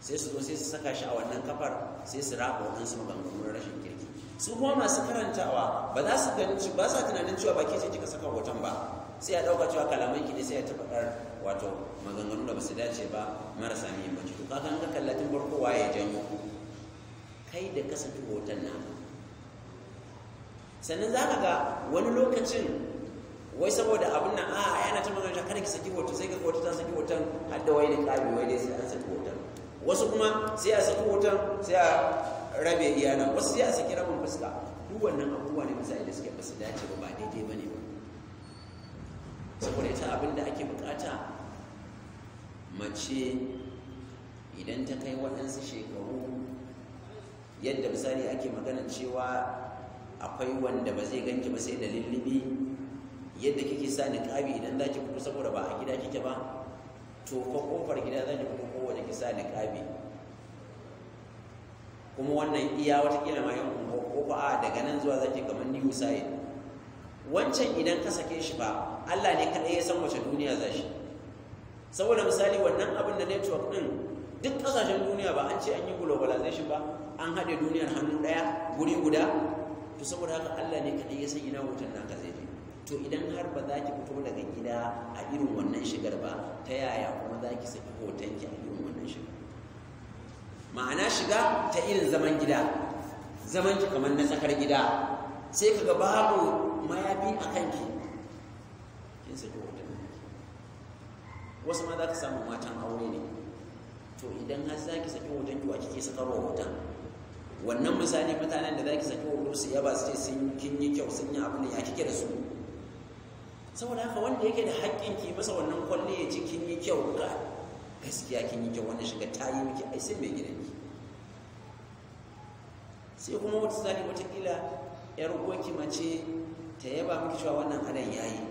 sai su zo sai su saka shi a wannan kafar sai su raba waɗansu maganganun rashin kirki su kuma masu karantawa ba za su ganci ba sa tunanin cewa baki ce kika saka hoton ba sai a ɗauka cewa kalaman ki ne sai a tabbatar wato maganganun da ba su dace ba marasa muhimmanci to kakan ka kallatin farko waye janyo kai da kasance hoton naka sannan za ka ga wani lokacin wai saboda abin nan a yana ta magana kada ki saki hoton, sai ka hoton ta saki hoton har da wai da kabi wai dai sai an saki hoton wasu kuma sai a saki hoton sai a rabe iyana wasu sai a saki rabin fuska duk wannan abubuwa ne misali da suke ba su dace ba ba daidai ba ne ba saboda ita abin da ake bukata mace idan ta kai waɗansu shekaru yadda misali ake magana cewa akwai wanda ba zai ganki ba sai da lullubi yadda kike sa kabi idan za ki fito saboda ba a gida kike ba to ko kofar gida zan ki fito kowace ki sa kabi kuma wannan iya wata kila ma yan ko ba a daga nan zuwa zaki kamar ni usaid wancan idan ka sake shi ba Allah ne kadai ya san wace duniya za shi saboda misali wannan abin da network din duk kasashen duniya ba an ce an yi globalization ba an haɗe duniyar hannu ɗaya guri guda to saboda haka Allah ne kadai ya san ina wutan naka zai je to idan har ba za ki fito daga gida a irin wannan shigar ba ta yaya kuma za ki saki hotonki a irin wannan shigar ma'ana shiga ta irin zaman gida zaman ki kamar na tsakar gida sai ka ga babu mayafi a kanki kin saki hoton wasu ma za ka samu matan aure ne to idan har za ki saki hoton ki wa kike sakarwa hoton wannan misali mutanen da zaki saki wando su yaba su ce sun kin yi kyau sun yi abu ne ya kike da su saboda haka wanda yake da haƙƙin ki masa wannan kwalle ya ci kin yi kyau ga gaskiya kin yi kyau wanda shiga ta yi miki ai sai mai ki sai kuma wata wata kila yar uwanki mace ta yaba miki cewa wannan adan yayi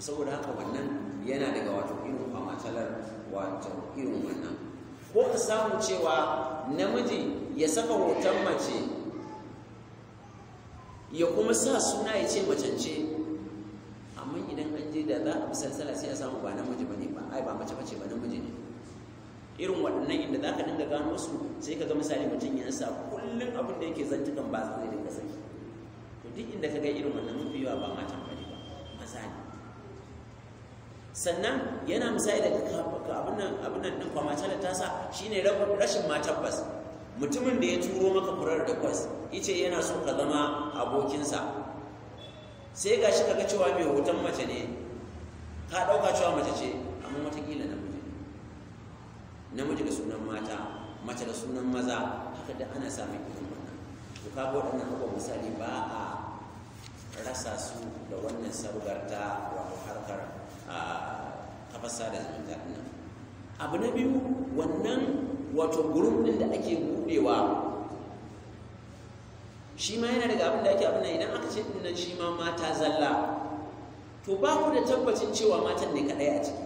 saboda haka wannan yana daga wato irin kwamatalar wato irin wannan ko ka samu cewa namiji ya saka hoton mace ya kuma sa suna ya ce macance amma idan an je da za a misalsala sai a samu ba namiji ba ne ba ai ba mace mace ba namiji ne irin waɗannan inda za ka dinga gano su sai ka ga misali mutum ya sa kullum abin da yake zantukan ba zai dinga saki to duk inda ka ga irin wannan mafi yawa ba matan ba ne ba maza ne sannan yana misali daga abinan abinan kwamace da tasa shine rashin ma tabbas mutumin da ya turo maka kurar da kwas yace yana so ka zama abokinsa sai ga gashi kaga cewa mai hoton mace ne ka ɗauka cewa mace ce amma watakila namiji namiji da sunan mata mace da sunan maza haka da ana samun irin wannan to kaga waɗannan abubuwan misali ba a rasa su da wannan sabgar ta kafar sada zumunta nan. abu na biyu wannan wato gurum ɗin da ake buɗewa shi ma yana daga abin da ake abin nan idan aka ce ɗin nan shi ma mata zalla to ba ku da tabbacin cewa matan ne kaɗai a ciki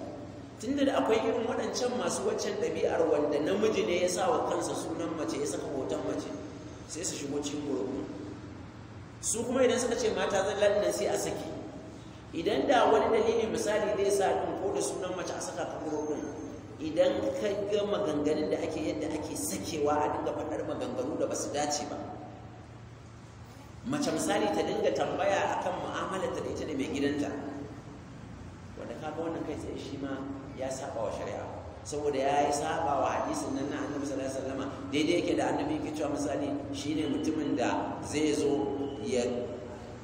tunda da akwai irin waɗancan masu waccan ɗabi'ar wanda namiji ne ya sa wa kansa sunan mace ya saka hoton mace sai su shigo cikin gurbin su kuma idan suka ce mata zalla ɗin sai a saki idan da wani dalili misali zai sa ɗin ko da sunan mace a saka kafin idan ka ga maganganun da ake yadda ake sakewa a dinga faɗar maganganu da ba su dace ba mace misali ta dinga tambaya akan mu'amalarta da ita da mai gidanta wanda kafa wannan kai sai shi ma ya saba wa shari'a saboda ya yi saba wa hadisin nan na annabi sallallahu alaihi wasallam daidai yake da annabi yake cewa misali shine mutumin da zai zo ya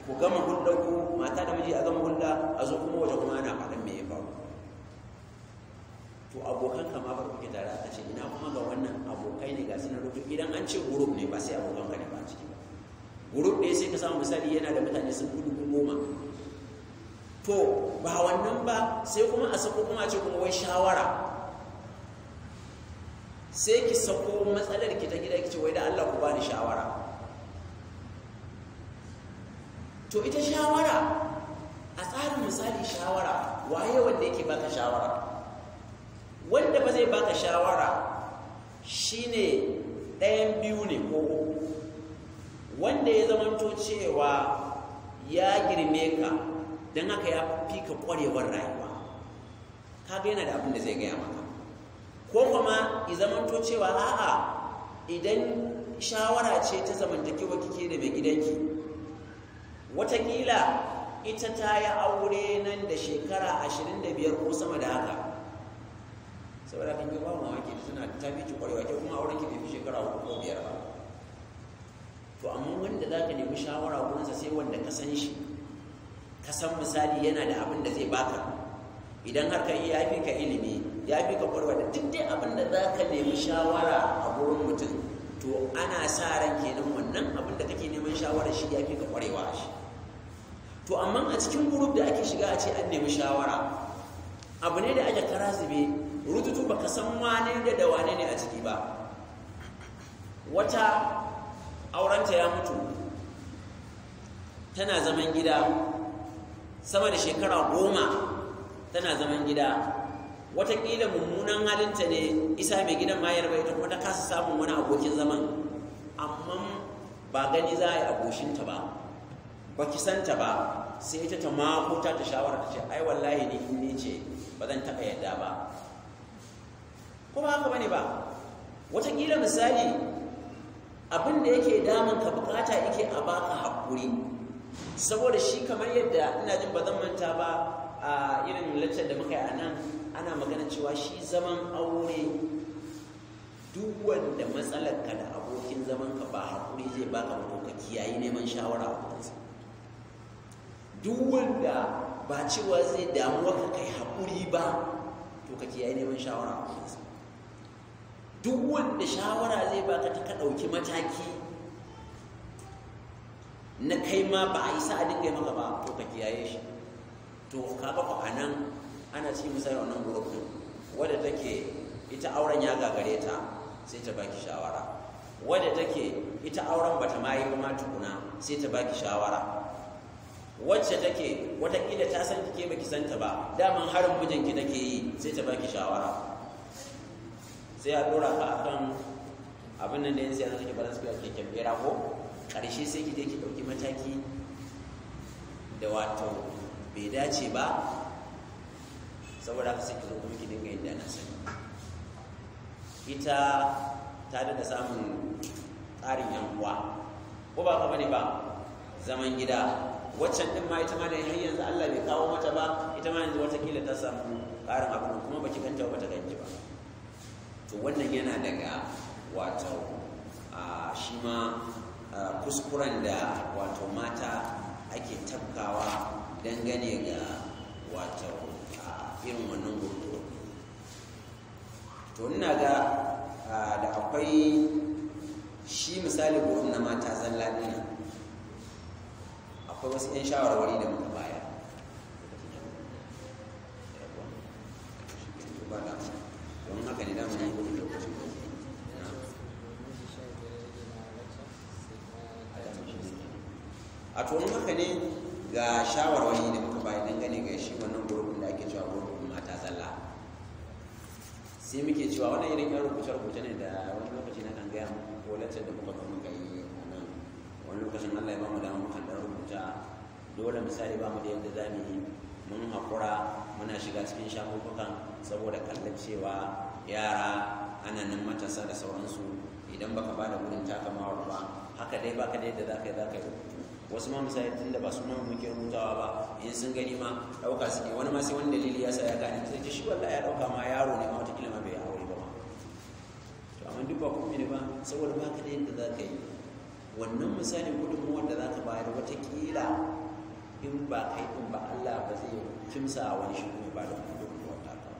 ku gama hulɗar ku mata da miji a gama hulɗa a zo kuma waje kuma ana faɗin mai yin faru to abokan kama ba kuke tare a ce ina kuma ga wannan abokai ne ga na rubutu idan an ce group ne ba sai abokan ka ne ba ciki ba group ne sai ka samu misali yana da mutane sun fi kun goma to ba wannan ba sai kuma a sako kuma ce kuma wai shawara sai ki sako matsalar ki ta gida ki ce wai da Allah ku bani shawara to ita shawara a tsarin misali shawara waye wanda yake baka shawara wanda ba zai baka shawara shine ɗayan biyu ne ko wanda ya zamanto cewa ya girme ka don haka ya fi ka ƙwarewar rayuwa kaga yana da abin da zai gaya maka ko kuma ya zama cewa a'a idan shawara ce ta zamantakewa kike da mai gidanki watakila ita ta yi aure nan da shekara 25 ko sama da haka saboda kan yi bawa mamaki suna ta fi kwarewa ke kuma auren ki bai fi shekara uku ko biyar ba to amma wanda za ka nemi shawara gudunsa sai wanda ka san shi ka san misali yana da abin da zai baka idan har ka yi ya fi ka ilimi ya fi ka kwarewa da duk dai abin da za ka nemi shawara a gurin mutum to ana sa ran kenan wannan abin da kake neman shawara shi ya fi ka kwarewa shi to amma a cikin guruf da ake shiga a ce an nemi shawara abu ne da aka kara zube rututu ba ka san wane da da wane ne a ciki ba wata aurenta ya mutu tana zaman gida sama da shekara goma tana zaman gida watakila mummunan halinta ne isa mai gidan mayar bai kuma ta kasa samun wani abokin zaman amma ba gani za a yi abokinta ba ba ki san ta ba sai ita ta mako ta shawara ta ce ai wallahi ni in ni ce ba zan taɓa yadda ba Kuma haka bane ba wata wataƙila misali abin da yake damun ka bukata yake a baka Hakuri, saboda shi kamar yadda ina jin ba zan manta ba a irin lantar da muka yi a nan ana magana cewa shi zaman aure duk wanda matsalarka da abokin zaman ka ba Hakuri zai baka ba ka kiyayi neman shawara a kansa duk wanda ba cewa zai damuwa ka kai haƙuri ba to ka kiyaye neman shawara a kansa duk wanda shawara zai baka ta ka ɗauki mataki na kai ma ba a yi sa a dinga maka ba to ka kiyaye shi to ka ba a nan ana ci misali wannan group din wadda take ita auren ya gagare ta sai ta baki shawara wadda take ita auren bata ma yi ba ma tukuna sai ta baki shawara wacce take watakila ta san kike baki ta ba daman harin mijinki take yi sai ta baki shawara sai a dora ka akan abin nan da yin siyasa take balance biya ke ko karshe sai ki je ki dauki mataki da wato bai dace ba saboda haka sai ki zo kuma ki dinga yin da na sani ita ta da samun tsarin yan ko ba ka bane ba zaman gida waccan din ma ita ma da har yanzu Allah bai kawo mata ba ita ma yanzu watakila ta samu ƙarin abin kuma baki kanta ba ta ganji ba to wannan yana daga wato shi ma kuskuren da wato mata ake tafkawa dangane ga wato irin wannan gurguru to ina ga da akwai shi misali gurin na mata zalla ɗin akwai wasu 'yan shawarwari da muka baya don haka ne damar yi wani lokacin a tuwon haka ne ga shawarwari da muka baya dangane ga shi wannan gurbin da ake cewa gurbin mata zalla sai muke cewa wannan irin yan rubuce-rubuce ne da wani lokaci na kan gaya muku ko lantar da muka kuma kai nan wani lokacin allah ya ba mu damar kan dan rubuce rubuta dole misali ba mu da yadda za yi mun haƙura muna shiga cikin shafukan, saboda kallon cewa yara ana nan matasa da sauransu idan baka ba da gudun takamawar ba haka dai baka da yadda za ka yi za ka yi wasu ma misali tun da ba su nan muke rubutawa ba in sun gani ma ɗauka su ne wani ma sai wani dalili ya sa ya gane sai ce shi walla ya ɗauka ma yaro ne ma watakila ma bai aure ba ma to amma duk ba kuma ne ba saboda ba ka da yadda za ka yi wannan misalin gudunmuwan da za ka bayar watakila in ba kai in ba Allah ba zai kimsa a wani shi kuma ba da gudunmuwan ta ba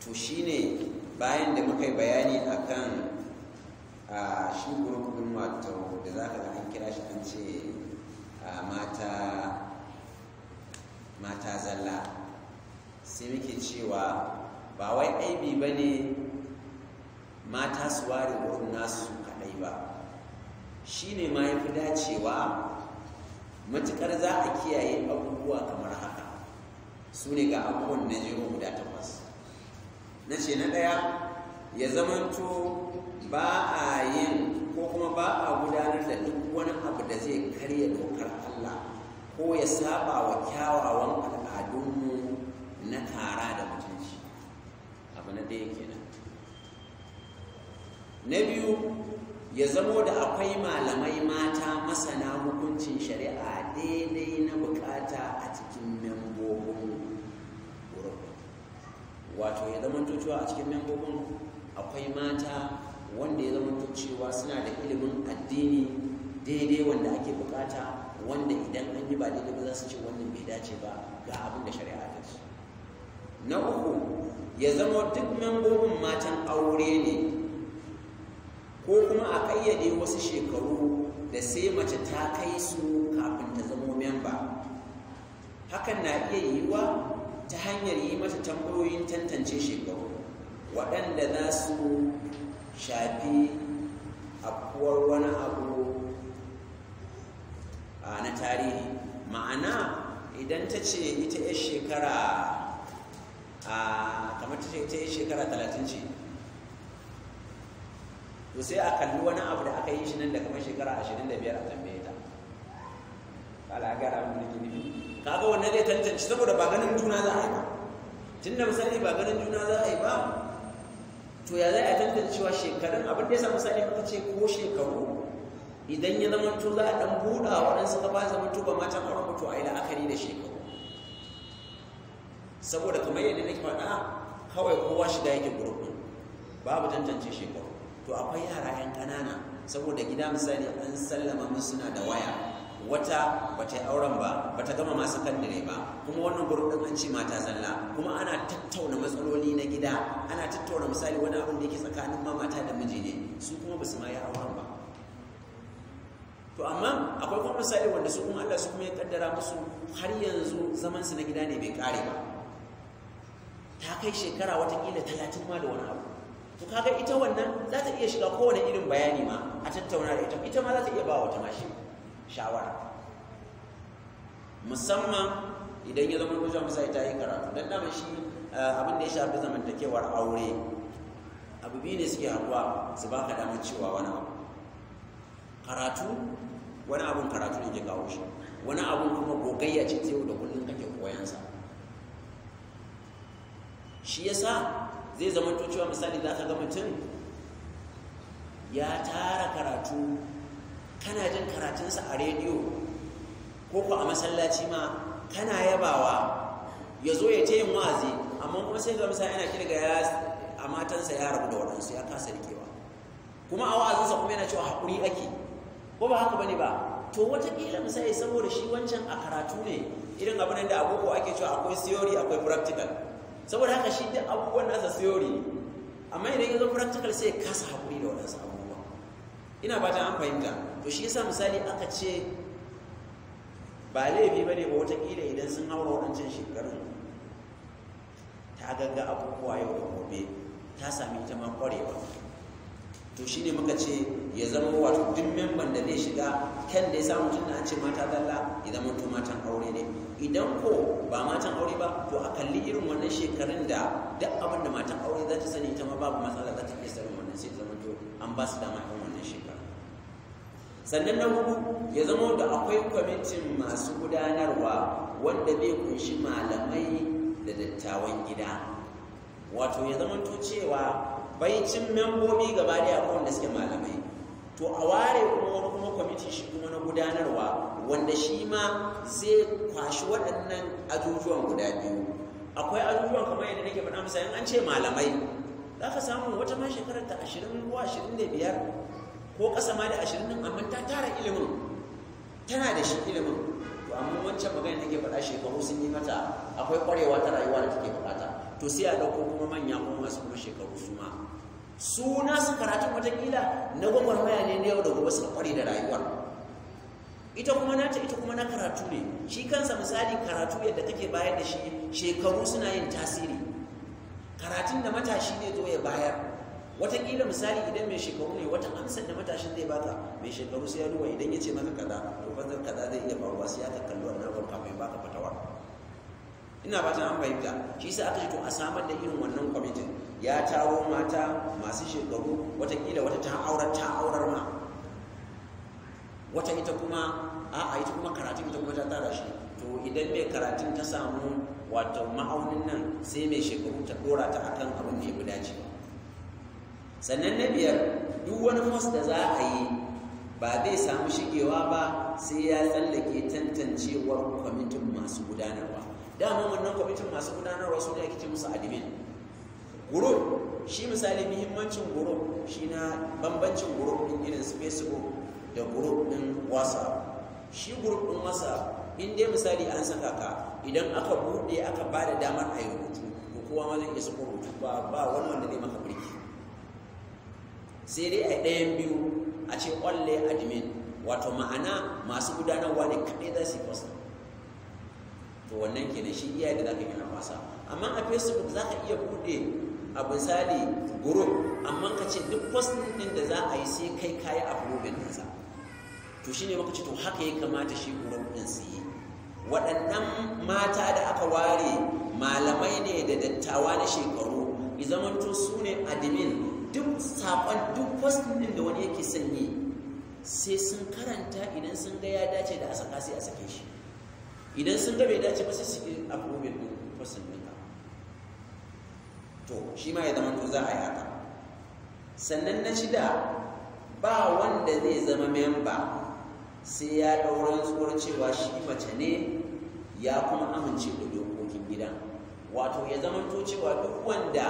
to shi ne bayan da muka yi bayani a kan shi wato da za ka ga an kira shi an ce mata zalla sai muke cewa ba wai aibi ba ne mata su ware wurin nasu kaɗai ba Shi ne ma ya fi dacewa matuƙar za a kiyaye abubuwa kamar haka su ne ga abubuwan na jiro guda takwas na ce na ɗaya ya zamanto ba a yin ko kuma ba a gudanar da duk wani abu da zai karya dokar Allah ko ya saba wa kyawawan al'adunmu na tara da mutunci abu na ɗaya kenan na biyu ya zamo da akwai malamai mata masana hukuncin shari'a daidai na bukata a cikin membobin wurin wato ya zama cewa a cikin membobin akwai mata wanda ya zama cewa suna da ilimin addini daidai wanda ake bukata wanda idan an yi ba daidai ba za su ce wannan bai dace ba ga abin da shari'a ta su. na uku ya zama duk membobin matan aure ne ko kuma a kayyade wasu shekaru da sai mace ta kai su kafin ta zamo memba hakan na iya yiwuwa ta hanyar yi mata tambayoyin tantance shekaru waɗanda za su shafi abuwar wani abu na tarihi ma'ana idan ta ce ita 'yar shekara kamar ta ce ita 'yar shekara talatin ce to sai a kalli wani abu da aka yi shi nan da kamar shekara ashirin da biyar a tambaye ta kala gara abin da gini nufi kaga wannan zai tantance saboda ba ganin juna za a yi ba tun da misali ba ganin juna za a yi ba to ya za a tantancewa shekarun abin da ya samu sani kuka ce ko shekaru idan ya zama to za a dan buɗa waɗansu ka ba zama to ba matan auren mutu a yi la'akari da shekaru saboda kamar yadda nake faɗa kawai kowa shiga yake gurbin babu tantance shekaru to akwai yara yan ƙanana saboda gida misali an sallama musu suna da waya wata bata yi auren ba bata gama masu kandare ba kuma wannan gurbin an ce mata zalla kuma ana tattauna matsaloli na gida ana tattauna misali wani abin da yake tsakanin ma mata da miji ne su kuma su ma yi auren ba to amma akwai kuma misali wanda su kuma Allah su kuma ya kaddara musu har yanzu zaman su na gida ne bai kare ba ta kai shekara watakila talatin ma da wani abu to kaga ita wannan za ta iya shiga kowane irin bayani ma a tattauna da ita ita ma za ta iya ba wata mashi shawara musamman idan ya zama kujan musa ta yi karatu don dama shi eh, abin da ya shafi zamantakewar aure abu biyu ne suke haɗuwa su ba ka damar cewa wani abu karatu wani abun karatu ne ke kawo shi wani abun kuma gogayya ce ta yau da kullum kake koyansa shi yasa zai zama cewa misali za ka ga mutum ya tara karatu kana jin karatunsa a rediyo ko ku a masallaci ma kana yabawa ya zo ya ce yin wa'azi amma kuma sai zama sa yana kirga ya a matansa ya rabu da waɗansu ya kasa rikewa kuma a wa'azinsa kuma yana cewa haƙuri ake ko ba haka bane ba to watakila misali saboda shi wancan a karatu ne irin abin da a ake cewa akwai theory akwai practical saboda haka shi duk abubuwan nasa theory amma idan ya zo practical sai kasa haƙuri da waɗansu abubuwa ina ba ta an fahimta to shi yasa misali aka ce ba laifi ba ne ba watakila idan sun haura waɗancan shekarun ta gagga abubuwa yau da gobe ta sami ita ma ƙwarewa to shi ne muka ce ya zama wato duk memban da zai shiga kan da ya samu tun da an ce mata zalla ya zama matan aure ne idan ko ba matan aure ba to a kalli irin wannan shekarun da duk abin da matan aure za ta sani ita ma babu matsala za ta iya sanin wannan sai zama to an ba su dama irin wannan shekarun. sannan na hudu ya zama da akwai kwamitin masu gudanarwa wanda bai kunshi malamai da dattawan gida wato ya zama to cewa baicin membobi gaba daya akwai wanda suke malamai to a ware kuma wani kuma kwamiti shi kuma na gudanarwa wanda shi ma zai kwashi waɗannan ajujuwan guda biyu akwai ajujuwan kamar yadda nake faɗa musa in an ce malamai za ka samu wata ma shekarar ta ashirin ko ashirin da biyar ko ƙasa ma da ashirin nan amma ta tara ilimin tana da shi ilimin to amma wancan magana nake faɗa shekaru sun yi mata akwai ƙwarewa ta rayuwa da take buƙata to sai a ɗauko kuma manya kuma masu kuma shekaru su ma su karatun watakila na gwagwarmaya ne na yau da gobe suka ƙware da rayuwar ita kuma nata ita kuma na karatu ne shi kansa misali karatu yadda kake bayar da shi shekaru suna yin tasiri karatun da matashi ne zo ya bayar watakila misali idan mai shekaru ne wata amsar da matashin zai baka mai shekaru sai ya duba idan ya ce maka kaza to fa kaza zai iya faruwa sai ya kalli wannan abin kafin baka fatawa ina ta an fahimta shi sa aka to a samar da irin wannan kwamitin ya taro mata masu shekaru watakila wata ta aurar ta aurar ma wata ita kuma a ita kuma karatun ita kuma ta tara shi to idan mai karatun ta samu wato ma'aunin nan sai mai shekaru ta dora ta akan abin da ya fi dacewa sannan na biyar duk wani mas da za a yi ba zai samu shigewa ba sai ya tsallake tantancewar kwamitin masu gudanarwa dama wannan kwamitin masu gudanarwa su ne ake ce musu admin group shi misali muhimmancin guruf, shi na bambancin guruf din irin su facebook da group din wasa shi group din wasa in dai misali an saka ka idan aka bude aka ba da damar a yi rubutu ko kowa ma zai iya saka rubutu ba ba wani wanda zai maka birki sai dai a ɗayan biyu a ce only admin wato ma'ana masu gudanarwa ne kaɗai za su yi posta to wannan kenan shi iyaye da za ka gina wasa amma a facebook za ka iya bude a misali group amma ka ce duk post din da za a yi sai kai kayi gurubin nasa to shine muka ce to haka ya kamata shi gurin ɗin su yi waɗannan mata da aka ware malamai ne da dattawa na shekaru zamanto su ne admin duk saƙon duk postin da wani yake sanye sai sun karanta idan sun ga ya dace da a saka sai a sake shi idan sun ga bai dace ba sai su yi approving ɗin postin ka. to shi ma ya zamanto za a yi haka sannan na shida ba wanda zai zama memba sai ya ɗaura tsoron cewa shi mace ne ya kuma amince da dokokin gidan wato ya zama to cewa duk wanda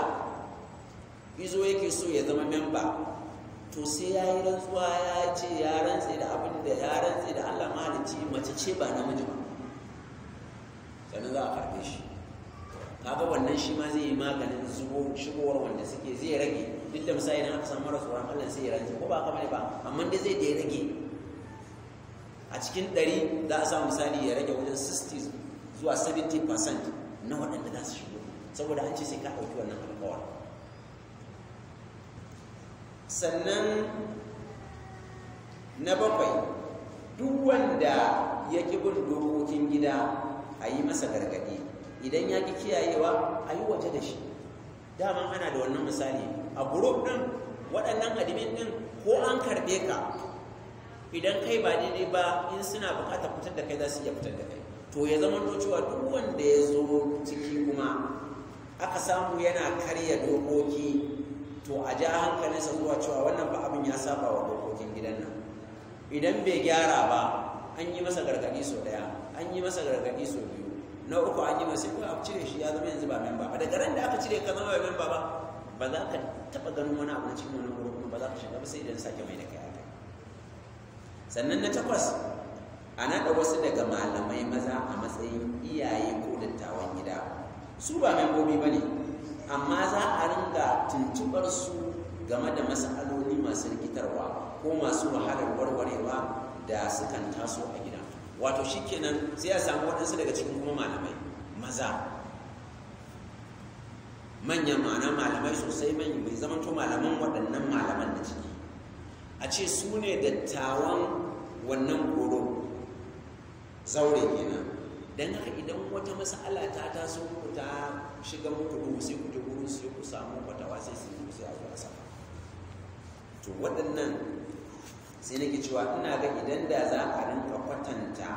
izo yake so ya zama memba to sai ya yi rantsuwa ya ce ya rantse da abin da ya rantse da allah mahalicci mace ce ba namiji ba sannan za a karfe shi kaga wannan shi ma zai yi maganin zubo shigowar wanda suke zai rage duk da misali na aka samu rasuwa allah sai ya rantse ko ba kamar ba amma dai zai da ya rage a cikin ɗari za a samu misali ya rage wajen 60 zuwa 70% na waɗanda za su shigo saboda an ce sai ka ɗauki wannan alkawar sannan na bakwai duk wanda ya ƙi bin dokokin gida a yi masa gargaɗi idan ya ƙi kiyayewa a yi waje da shi dama ana da wannan misali a guruf ɗin waɗannan admin ɗin ko an karɓe ka idan kai ba daidai ba in suna bukatar fitar da kai za su iya fitar da kai to ya zama to cewa duk wanda ya zo ciki kuma aka samu yana karya dokoki to a ja hankalinsa zuwa cewa wannan ba abin ya saba wa dokokin gidan nan idan bai gyara ba an yi masa gargadi sau daya an yi masa gargadi sau biyu na uku an yi masa ko a cire shi ya zama yanzu ba memba ba daga ran da aka cire ka zama ba memba ba ba za ka taba ganin wani abu na cikin wani gurbin ba za ka shiga ba sai idan sake mai da kai sannan na takwas a naɗa wasu daga malamai maza a matsayin iyaye ko dattawan gida su ba membobi ba ne amma za a ringa tuntubar su game da matsaloli masu rikitarwa ko masu wahalar warwarewa da su kan taso a gida wato shikenan sai a samu waɗansu daga cikin kuma malamai maza manyan ma'ana malamai sosai mai zamanto malaman waɗannan malaman da ciki a ce su ne dattawan wannan goro zaure kenan don haka idan wata mas'ala ta taso ku ta shiga muku duhu sai ku je wurin sai ku samu fatawa sai su sai a zuwa sama to waɗannan sai nake cewa ina ga idan da za a rinka kwatanta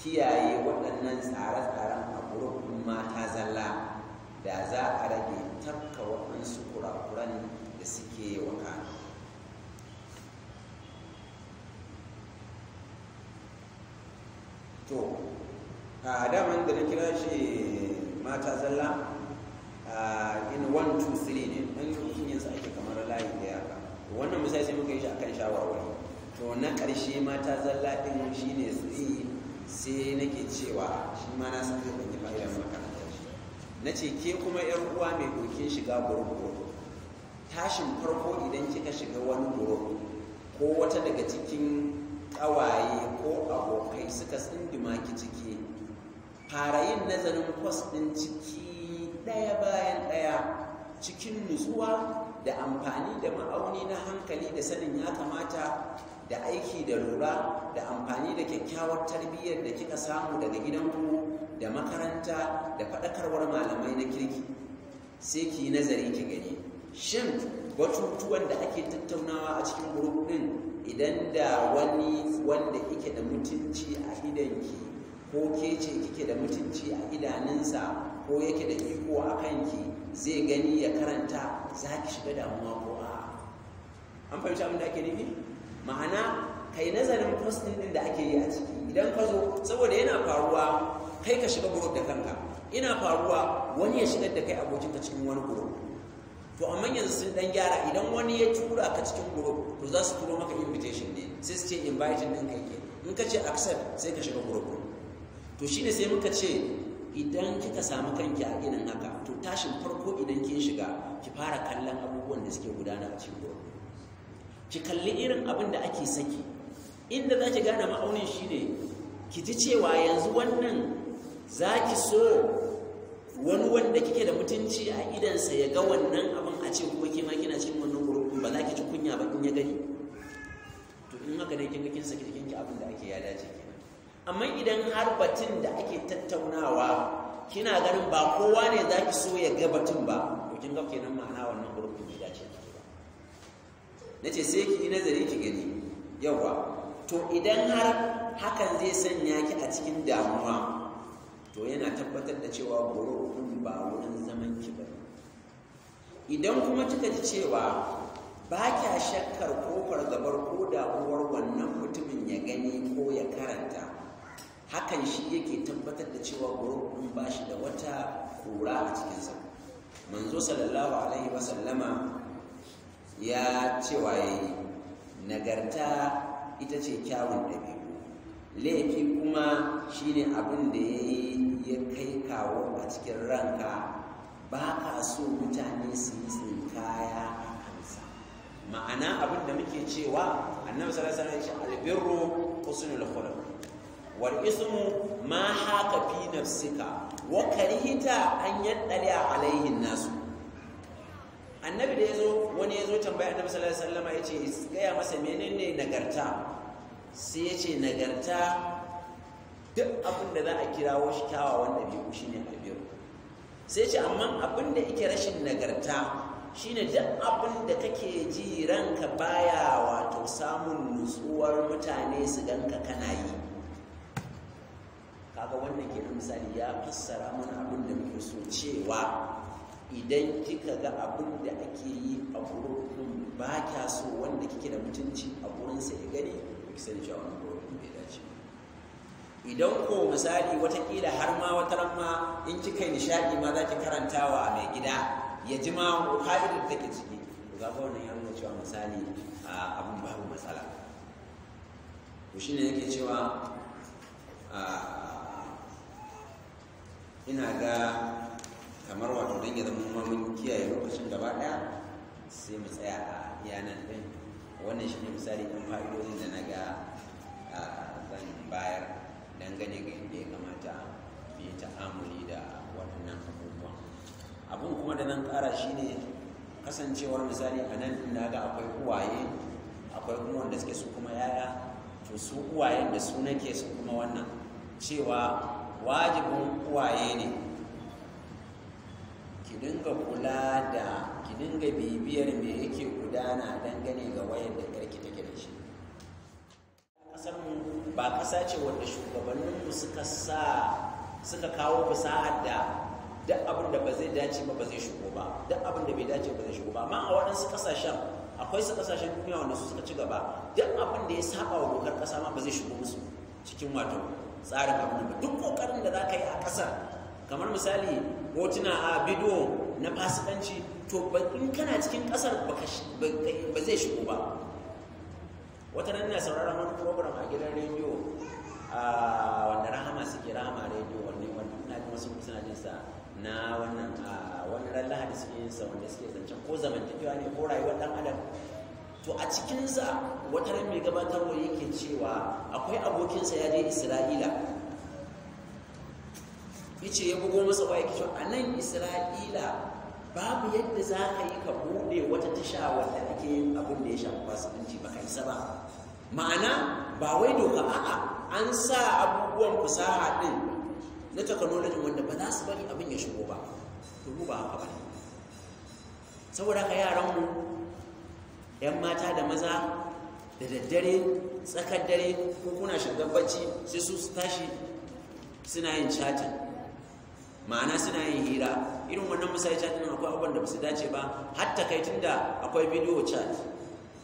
kiyaye waɗannan tsare-tsaren a gurin mata zalla da za a rage tafka waɗansu kurakuran da suke wakana to a daman da na kira shi mata zalla in one two three ne ɗan yankin yanzu ake kamar layi da yaka wannan misali sai muka yi shi a kan shawarwari to na ƙarshe mata zalla ɗin shi ne tsiri sai nake cewa shi ma na san zai ɗanyi fa'idar makarantar shi na ce ke kuma yar uwa mai dokin shiga gurup tashin farko idan kika shiga wani gurup ko wata daga cikin ƙawaye ko abokai suka tsinda maki ciki fara yin nazarin kwas ɗin ciki ɗaya bayan ɗaya cikin nutsuwa da amfani da ma'auni na hankali da sanin ya kamata da aiki da lura da amfani da kyakkyawar tarbiyyar da kika samu daga gidanku da makaranta da faɗakarwar malamai na kirki sai ki nazari ki gani shin batutuwan da ake tattaunawa a cikin guruf din idan da wani wanda yake da mutunci a idanki ko ke ce kike da mutunci a idanunsa ko yake da iko a kanki zai gani ya karanta za ki shiga damuwa ko a an fahimci abin da ake nufi ma'ana kai nazarin postin din da ake yi a ciki idan ka zo saboda yana faruwa kai ka shiga guruf da kanka ina faruwa wani ya shigar da kai abokin ta cikin wani guruf. to amma yanzu sun dan gyara idan wani ya tura ka cikin group to za su turo maka invitation ne sai su ce inviting din kai in ka ce accept sai ka shiga group to shine sai muka ce idan kika samu kanki a ginin haka to tashin farko idan kin shiga ki fara kallon abubuwan da suke gudana a cikin group ki kalli irin abin da ake saki inda za ki gane ma'aunin shine ki ji cewa yanzu wannan za ki so wani wanda kike da mutunci a idansa ya ga wannan abu a ce kuma ke ma kina cikin wannan gurbin ba za ki ci kunya ba in ya gani to in haka dai kin ga kin saki jikinki abin da ake ya dace kenan amma idan har batun da ake tattaunawa kina ganin ba kowa ne za ki so ya ga batun ba to kin ga kenan ma'ana wannan gurbin bai dace ki ba ce sai ki yi nazari ki gani yawa to idan har hakan zai sanya ki a cikin damuwa to yana tabbatar da cewa gurbin ba wurin zaman ki ba idan kuma kika ji cewa ba kya shakkar ko fargabar ko damuwar wannan mutumin ya gani ko ya karanta hakan shi yake tabbatar da cewa gurbin ba shi da wata kura a cikinsa manzo sallallahu alaihi wasallama ya cewa ya yi nagarta ita ce kyawun ɗabi'u laifi kuma shine abin da ya ya kai kawo a cikin ranka ba a so mutane su yi tsinkaya a kansa ma'ana abinda muke cewa annabi sallallahu alaihi wasallam albirru husnul khuluq wal ismu ma haka fi nafsika wa karihita an yaddali alaihi nasu annabi da yazo wani yazo tambaya annabi sallallahu alaihi wasallam yace gaya masa menene nagarta sai yace nagarta duk abinda za a kirawo shi kyawawan dabi'u shine albirru sai ce amma abin da yake rashin nagarta shine duk abin da kake ji ranka baya wato samun nutsuwar mutane su ganka kana yi kaga wannan ke misali ya fassara mana abin da muke so cewa idan kika ga abin da ake yi a wurin ba kya so wanda kike da mutunci a wurin ya gani kisan sani idan ko misali watakila har ma wata ramma in kika yi nishaɗi ma za ki karanta mai gida ya ji ma halin da take ciki to ga wannan ya nuna cewa misali abin babu matsala to shine yake cewa ina ga kamar wato don ya zama mun kiyaye lokacin gaba ɗaya sai mu tsaya a yanan din wannan shine misali ɗin fa'idodin da na ga zan bayar dangane ga inda ya kamata mai ta ta'amuli da waɗannan abubuwan abun kuma da nan ƙara shine kasancewar misali a nan inda ga akwai uwaye akwai kuma wanda suke su kuma yaya to su uwaye da su nake su kuma wannan cewa wajibin uwaye ne ki dinga kula da ki dinga bibiyar me yake gudana dangane ga wayar da ƙarƙe ba ƙasa ce wanda shugabanninmu suka sa suka kawo fasahar da duk abin da ba zai dace ba ba zai shigo ba duk abin da bai dace ba zai shigo ba amma a waɗansu ƙasashen akwai su ƙasashen duniya wanda su suka ci gaba duk abin da ya saba wa dokar ƙasa ma ba zai shigo musu cikin wato tsarin abin ba duk ƙoƙarin da za ka yi a ƙasar kamar misali hotuna a bidiyo na fasikanci to in kana cikin ƙasar ba zai shigo ba wata nan na sauraron wani program a gidan rediyo wanda rahama suke rahama rediyo wanne wanda na ji wasu suna jin sa na wannan wani ran lahadi suke yin sa wanda suke zancen ko zamantakewa ne ko rayuwar dan adam to a cikinsa wata nan mai gabatarwa yake cewa akwai abokinsa ya je isra'ila yace ya bugo masa waya kice a nan isra'ila babu yadda za ka yi ka buɗe wata tasha wanda ake yin abin da ya shafa basu ɗinci ba ka isa ba ma'ana ba wai doka a'a an sa abubuwan fasaha ɗin na takanolajin wanda ba za su bari abin ya shigo ba to ba haka ba saboda ka yaranmu yan mata da maza da daddare tsakar dare ko kuna shiga bacci sai su su tashi suna yin chatin ma'ana suna yin hira irin wannan misali chatin akwai abubuwan da ba su dace ba hatta kai tunda akwai bidiyo chat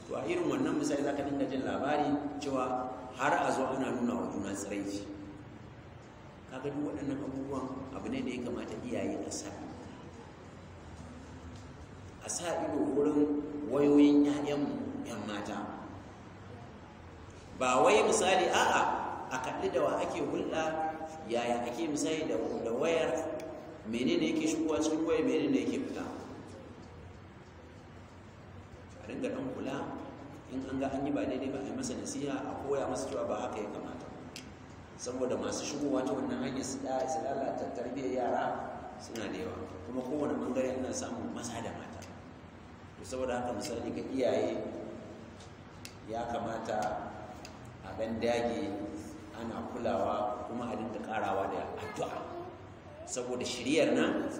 to a irin wannan misali za ka dinga jin labari cewa har a zo ana nuna wa juna tsiraici kaga duk waɗannan abubuwan abu ne da ya kamata iyaye a sa a sa ido wurin wayoyin 'ya'yanmu 'yan mata ba wai misali a'a a kalli da wa ake hulɗa yaya ake misali da wayar menene yake shigowa cikin waya menene yake fita a ringa ɗan kula in an ga an yi ba daidai ba a yi masa nasiha a koya masa cewa ba haka ya kamata saboda masu shigowa ta wannan hanyar su lalata tarbiyyar yara suna da yawa kuma kowane bangare ana samun maza da mata to saboda haka misali ga iyaye ya kamata a ɗan dage ana kulawa kuma a dinga karawa da addu'a saboda shiryar nan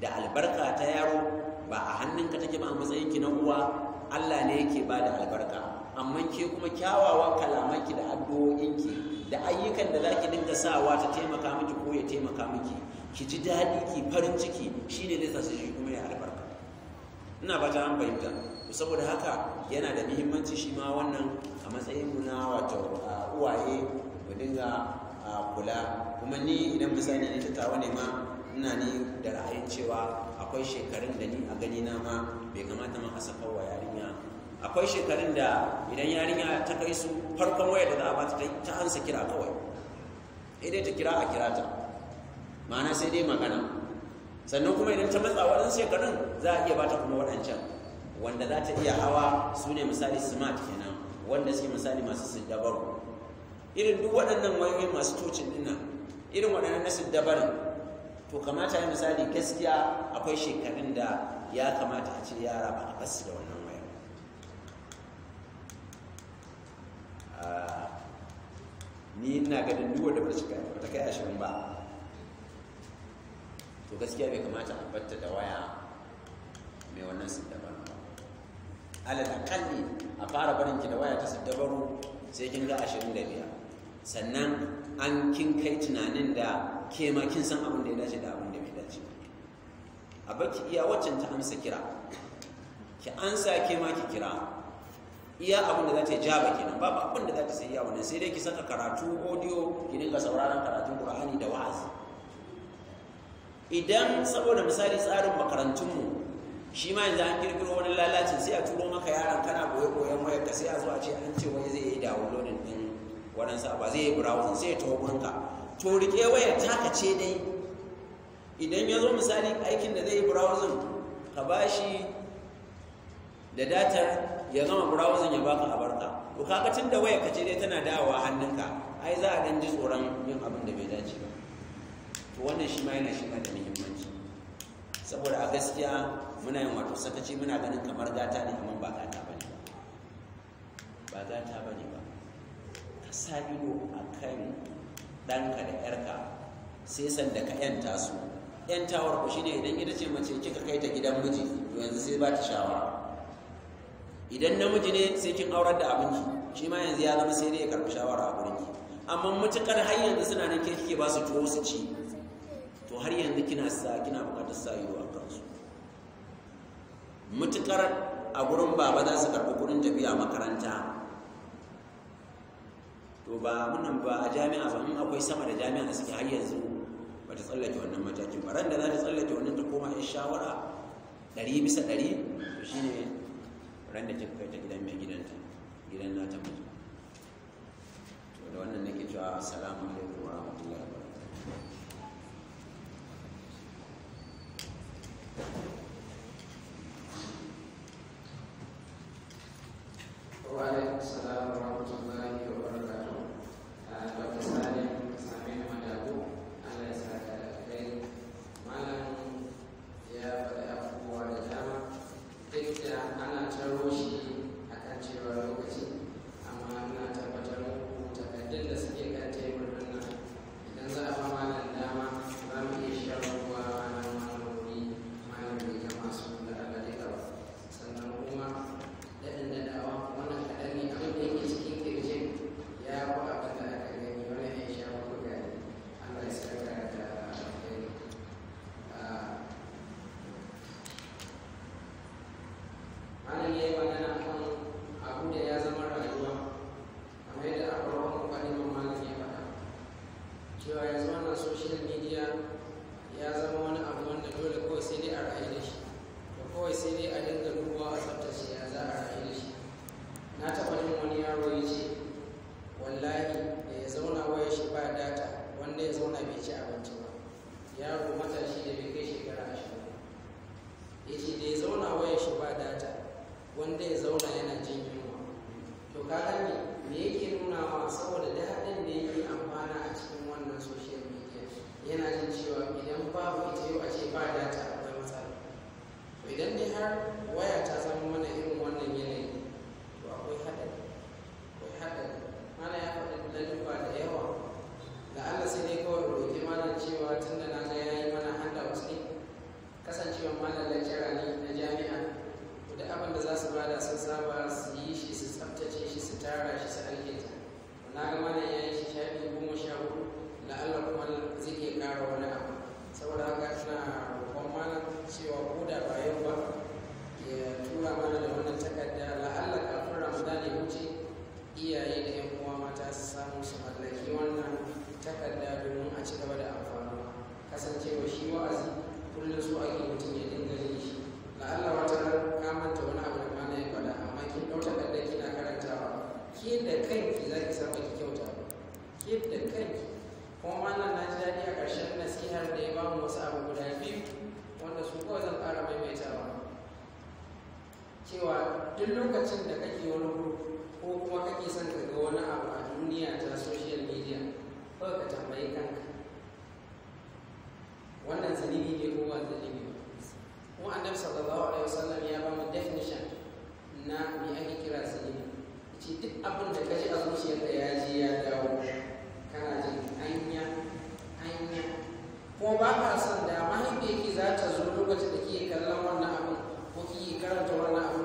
da albarka ta yaro ka take ba a matsayin ki na uwa Allah ne yake ba da albarka amma ke kuma kyawawan ki da addu'o'in ki. da ayyukan da zaki dinga sawa ta taimaka miki ko ya taimaka miki ki ji daɗi ki farin ciki shine ne zai shi kuma ya albarka ina ba ta an fahimta saboda haka yana da muhimmanci shi ma wannan a matsayin mu na wato uwaye mu dinga kula kuma ni idan misali ne ta tawa ne ma ina ni da ra'ayin cewa akwai shekarun da ni a gani na ma bai kamata ma kasa kawo yarinya akwai shekarun da idan yarinya ta kai su farkon waya da za a ba ta ansa kira kawai idan ta kira a kira ta ma'ana sai dai magana sannan kuma idan ta matsa waɗansu shekarun za a iya ba ta kuma waɗancan wanda za ta iya hawa su ne misali smart kenan wanda suke misali masu dabaru. irin duk waɗannan wayoyin masu tocin dinnan irin waɗannan na siddabarin to kamata ya misali gaskiya akwai shekarun da ya kamata a ce yara ba a basu da wannan waya. Ah, ni ina ganin duwar da ba ta kai ashirin ba to gaskiya bai kamata a batta da waya mai wannan siddabaru alal akalli a fara barin ki da waya ta siddabaru sai kin ga ashirin da biyar sannan an kin kai tunanin da ke makin kin san abin da ya dace da abin da bai dace a baki iya waccan ta amsa kira ki ansa ke ma ki kira iya abin da za ta jaba kenan babu abin da za ta sai iya wannan sai dai ki saka karatu audio ki dinga sauraron karatun qur'ani da wa'azi idan saboda misali tsarin makarantunmu shi ma yanzu an kirkiro wani lalacin sai a turo maka yaran kana goye goyen wayarka sai a zuwa ce an ce wani zai yi dawo lodin din sa ba zai yi browsing sai ya taho gurinka to riƙe wayar taka ce dai idan ya zo misali aikin da zai yi browsing ka ba shi da datar ya zama browsing ya baka a to kaga tun da wayar ka ce dai tana dawowa hannunka ai za a dan ji tsoron yin abin da bai dace ba to wannan shi ma yana shi da muhimmanci saboda a gaskiya muna yin wato sakaci muna ganin kamar gata ne amma ba gata ba ne ba ba gata ba ne ba ka sa ido a kan ɗanka da yarka sai sanda ka yanta su ‘yantawar ku shine idan ita ce mace kika kai ta gidan miji to yanzu sai ba ta shawara idan namiji ne sai kin aurar da abinki shi ma yanzu ya zama sai dai ya karɓi shawara a gurinki amma mutukar har yanzu suna nan ke kike ba su tuwo su ci to har yanzu kina sa kina buƙatar sa ido a kansu mutukar a gurin baba za su karɓi gurin tafiya makaranta to ba wannan ba a jami'a ba in akwai sama da jami'a da suke har yanzu ba ta tsallake wannan matakin ba ran da za ta tsallake wannan ta koma in shawara ɗari bisa ɗari to shi ne ran da kai ta gidan mai gidanta gidan na ta mutu to da wannan nake cewa assalamu alaikum wa rahmatullahi wa barakatuh zalimi ne ko ba zalimi ba annabi sallallahu alaihi wasallam ya ba mu definition na me ake kira zalimi ce duk abin da ka ji a zuciyarka ya ji ya dawo kana jin anya anya Kuma ba ka san da mahaifiyarki za ta zo lokacin da kike kallon wannan abin ko kike karanta wannan abin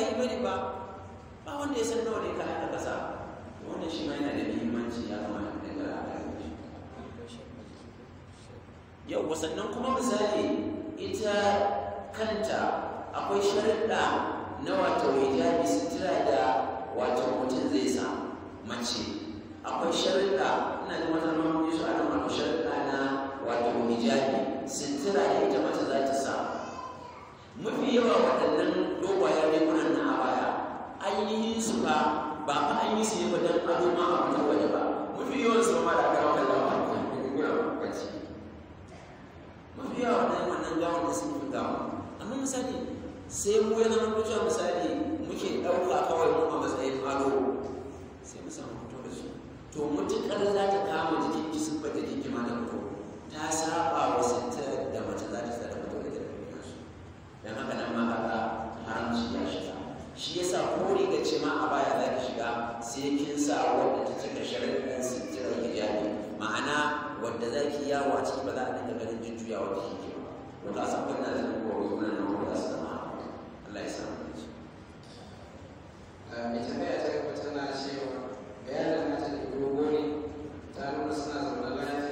yi bane ba ba wanda ya san nawa ne ka haka kasa wannan shi ma yana da muhimmanci ya kamata da ga yau wasannan kuma misali ita kanta akwai sharuɗa na wato hijabi sutura da wato mutum zai sa mace akwai sharuɗa ina ji wata mamuni su ana wato sharuɗa na wato hijabi sutura da ita mace za ta sa mafi yawa waɗannan dogwayen rigunan na a baya ainihin su ba ba fa an yi su ne ba don ado ma a fitar waje ba mafi yawan su ma da aka a kallon yi ta hanyar yawa kwanci mafi yawa na wannan gawon da sun fi gawon amma misali sai mu ya zama kusa misali muke ɗauka kawai mu a matsayin ado sai mu samu fito da su to mutuƙar za ta kama jikin ki sun fata jikin ma da fito ta saba wa sintar da mace za ta tsara fito da ta da don haka nan ma haka haramci ya shiga shi yasa ko riga ce ma a baya za ki shiga sai kin sa wanda ta cika sharaɗin sitirar hijabi ma'ana wanda za ki yawo a ciki ba za a dinga ganin jujjuyawa da shi ke ba to ka san wannan da ko wani nan ko da sama Allah ya sa mu dace mai tambaya ta gaba tana cewa bayanan mata da dogo ne ta nuna suna zaune lafiya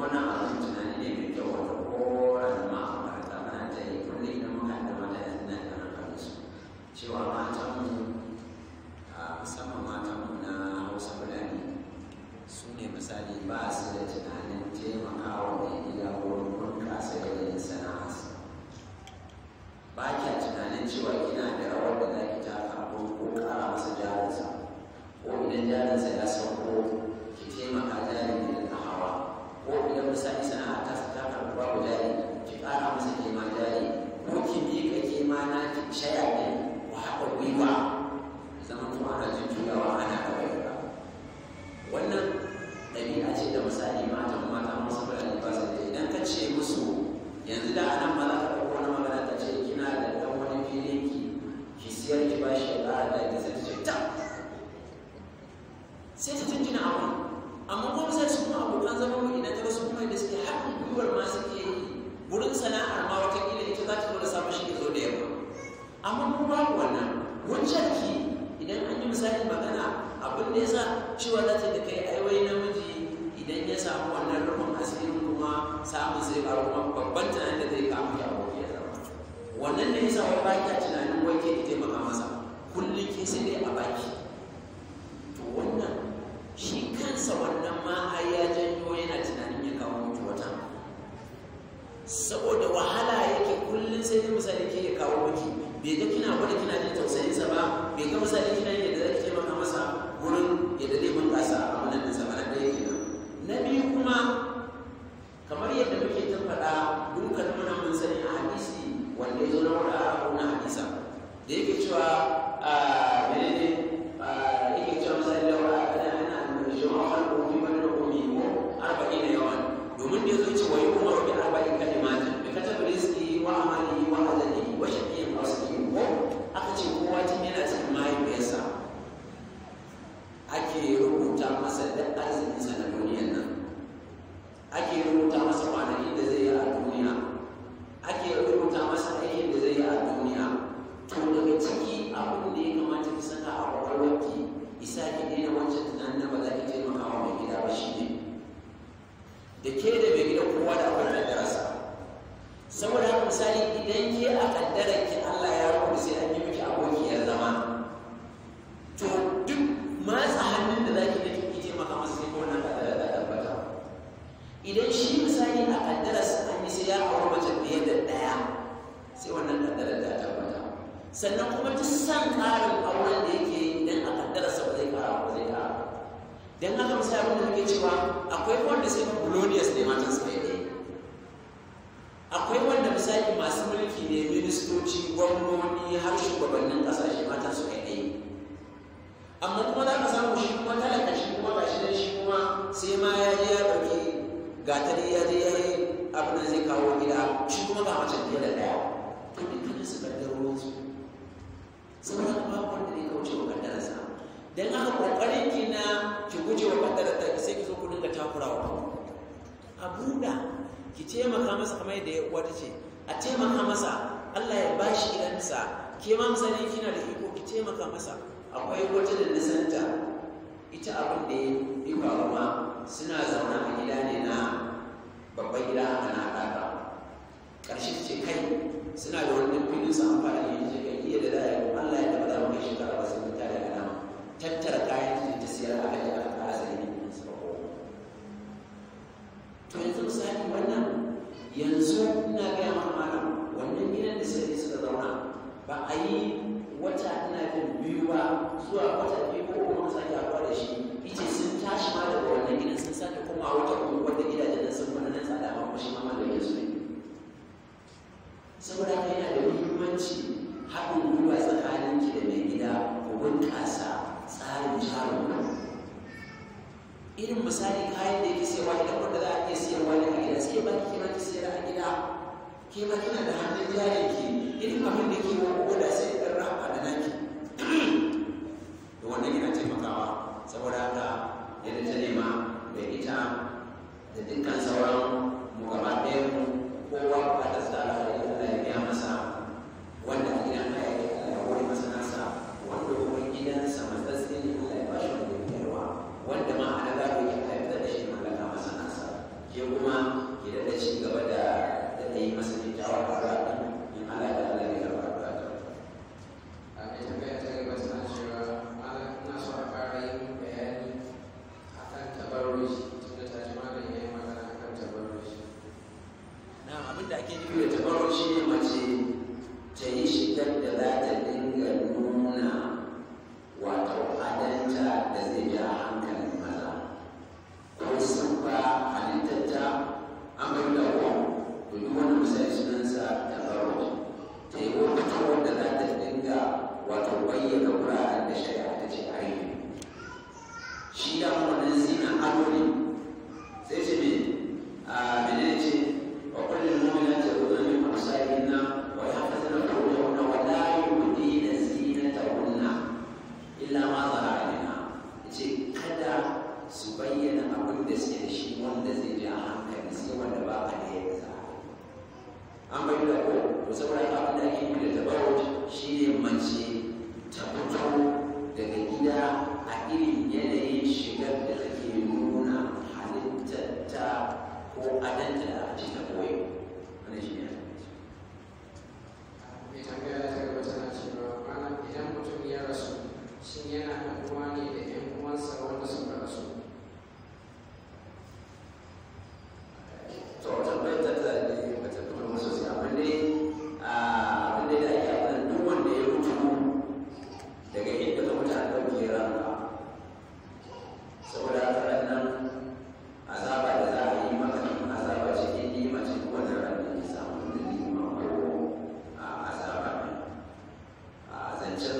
wannan abin tunani ne mai kyau wata ko da ma'amarta muna ta yi kullum idan muka da mata yanzu na da ranka su cewa matan mu musamman matan mu na hausa fulani su ne misali ba su da tunanin taimakawa mai gida wurin bunƙasa yanayin sana'arsa ba kya tunanin cewa ina da rawar da za ki taka ko ƙara masa jarinsa ko idan jarinsa ya sauko ki taimaka jarin ko idan misali sana'a ta ta karɓa guda jari ki fara masa ke ma jari ko ki bi ka ke ma na ki shaya ne ku haɗa gwiwa zama kuma ana jujjuyawa ana haɗa gwiwa wannan ɗabi'a ce da misali matan mata masu bayani ba su idan ka ce musu yanzu da anan ma za ka ɗauko wani magana ta ce kina da ɗan wani filin ki ki siyar ki ba shi ya ƙara da ta ta ce ta sai ta tunjina abin abokan zama mu idan ta wasu kuma da suke haɗin gwiwar ma suke yi wurin sana'ar ma watakila ita za ta zo da safe shi zo da yamma amma mu babu wannan wancan ki idan an yi misali magana abin da ya sa cewa za ta da kai aiwai namiji idan ya samu wannan rufin asirin kuma samun zai ƙaru kuma babban tunanin da zai kama ya aboki ya zama wannan da ya sa wai baki a tunanin wai ke taimaka masa kullum ke sai dai a baki to wannan shi kansa wannan ma har ya janyo yana tunanin ya kawo miki wata saboda wahala yake kullum sai dai misali ke ya kawo miki bai ga kina gwada kina jin tausayinsa ba bai ga misali kina yadda za taimaka masa wurin yadda zai bunƙasa a wannan nasa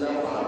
não é para.